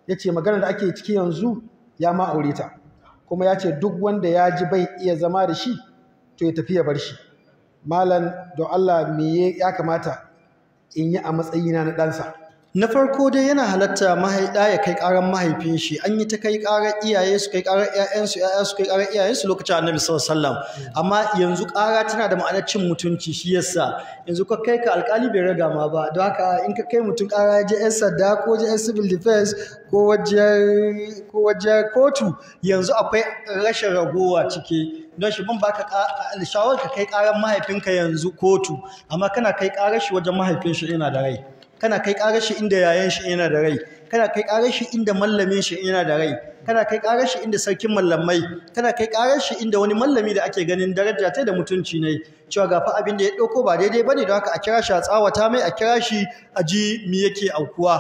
ya ce maganar da ake ciki yanzu ya ma aure ta kuma ya ce duk wanda ya ji bai iya zama da shi to ya tafi ya bar shi malam don Allah me ya kamata in yi a matsayina na ɗansa na farko dai yana halatta mahaiɗa ya kai ƙarar mahaifin shi an yi ta kai ƙarar iyaye su kai ƙarar 'ya'yansu yaya su kai ƙarar iyayensu lokacin annabi sallallahu alaihi wasallam amma yanzu ƙara tana da ma'anar cin mutunci shi yasa yanzu ka kai ka alƙali bai raga ma ba don haka in ka kai mutum ƙara je ƴan sadda ko je ƴan civil defense ko wajen kotu yanzu akwai rashin ragowa cike, don shi ban baka shawarar ka kai ƙarar mahaifinka yanzu kotu amma kana kai ƙarar shi wajen mahaifin shi yana da rai kana kai karar shi inda yayan shi yana da rai kana kai karar shi inda mallamin shi yana da rai kana kai karar shi inda sarkin mallamai kana kai karar shi inda wani mallami da ake ganin daraja ta da mutunci ne cewa ga fa abin da ya dauko ba daidai bane don haka a kira shi a tsawata mai a kira shi a ji me yake aukuwa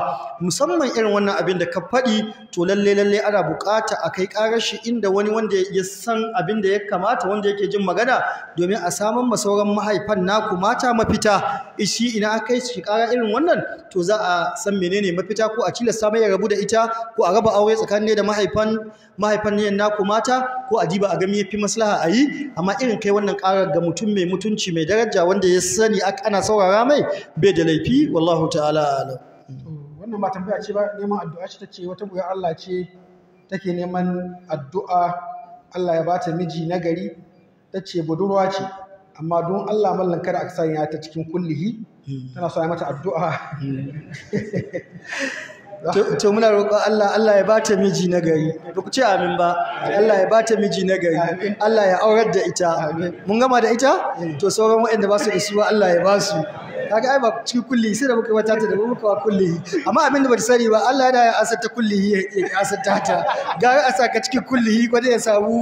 musamman irin wannan abin da ka faɗi to lalle lalle ana bukata a kai karar shi inda wani wanda ya san abin da ya kamata wanda yake jin magana domin a samun masauran mahaifan naku mata mafita Ishi ina aka yi shi kara irin wannan to za a san menene mafita ko a tilasta mai rabu da ita ko a raba aure tsakanin da mahaifi mahaifan mahaifan naku mata ko a diba a gami yafi maslaha a yi amma irin kai wannan ƙarar ga mutum mai mutunci mai daraja wanda ya sani ana saurara mai bai da laifi wallahu ta'ala alam wannan ba tambaya ce ba neman addu'a ce tace wata buga Allah ce take neman addu'a Allah ya bata miji nagari tace budurwa ce amma don Allah mallan kada a sanya ta cikin kullihi hmm. tana so mata addu'a hmm. to muna roƙon Allah Allah ya bata miji na gari ba ku ce amin ba Allah ya bata miji na gari Allah ya aurar da ita mun gama da ita to sauran waɗanda ba su isuwa Allah ya ba su kaga ai ba cikin kulli sai da muka wata ta da muka wa kulli amma abin da ba sani ba Allah ya da asar ta kulli ya asar ta ta ga a saka cikin kulli ko da ya samu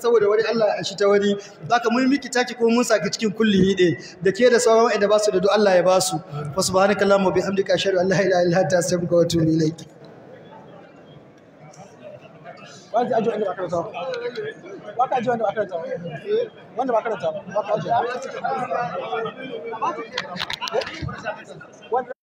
saboda wani Allah a shi ta wani zaka mun miki taki ko mun saka cikin kulli ne da ke da sauran wa'anda ba su da du Allah ya ba su subhanakallahumma bihamdika ashhadu an la ilaha illa anta astaghfiruka wa atubu ilaik wanda aji wanda ba karanta ba ka aji wanda ba karanta wanda ba karanta ba ka aji wanda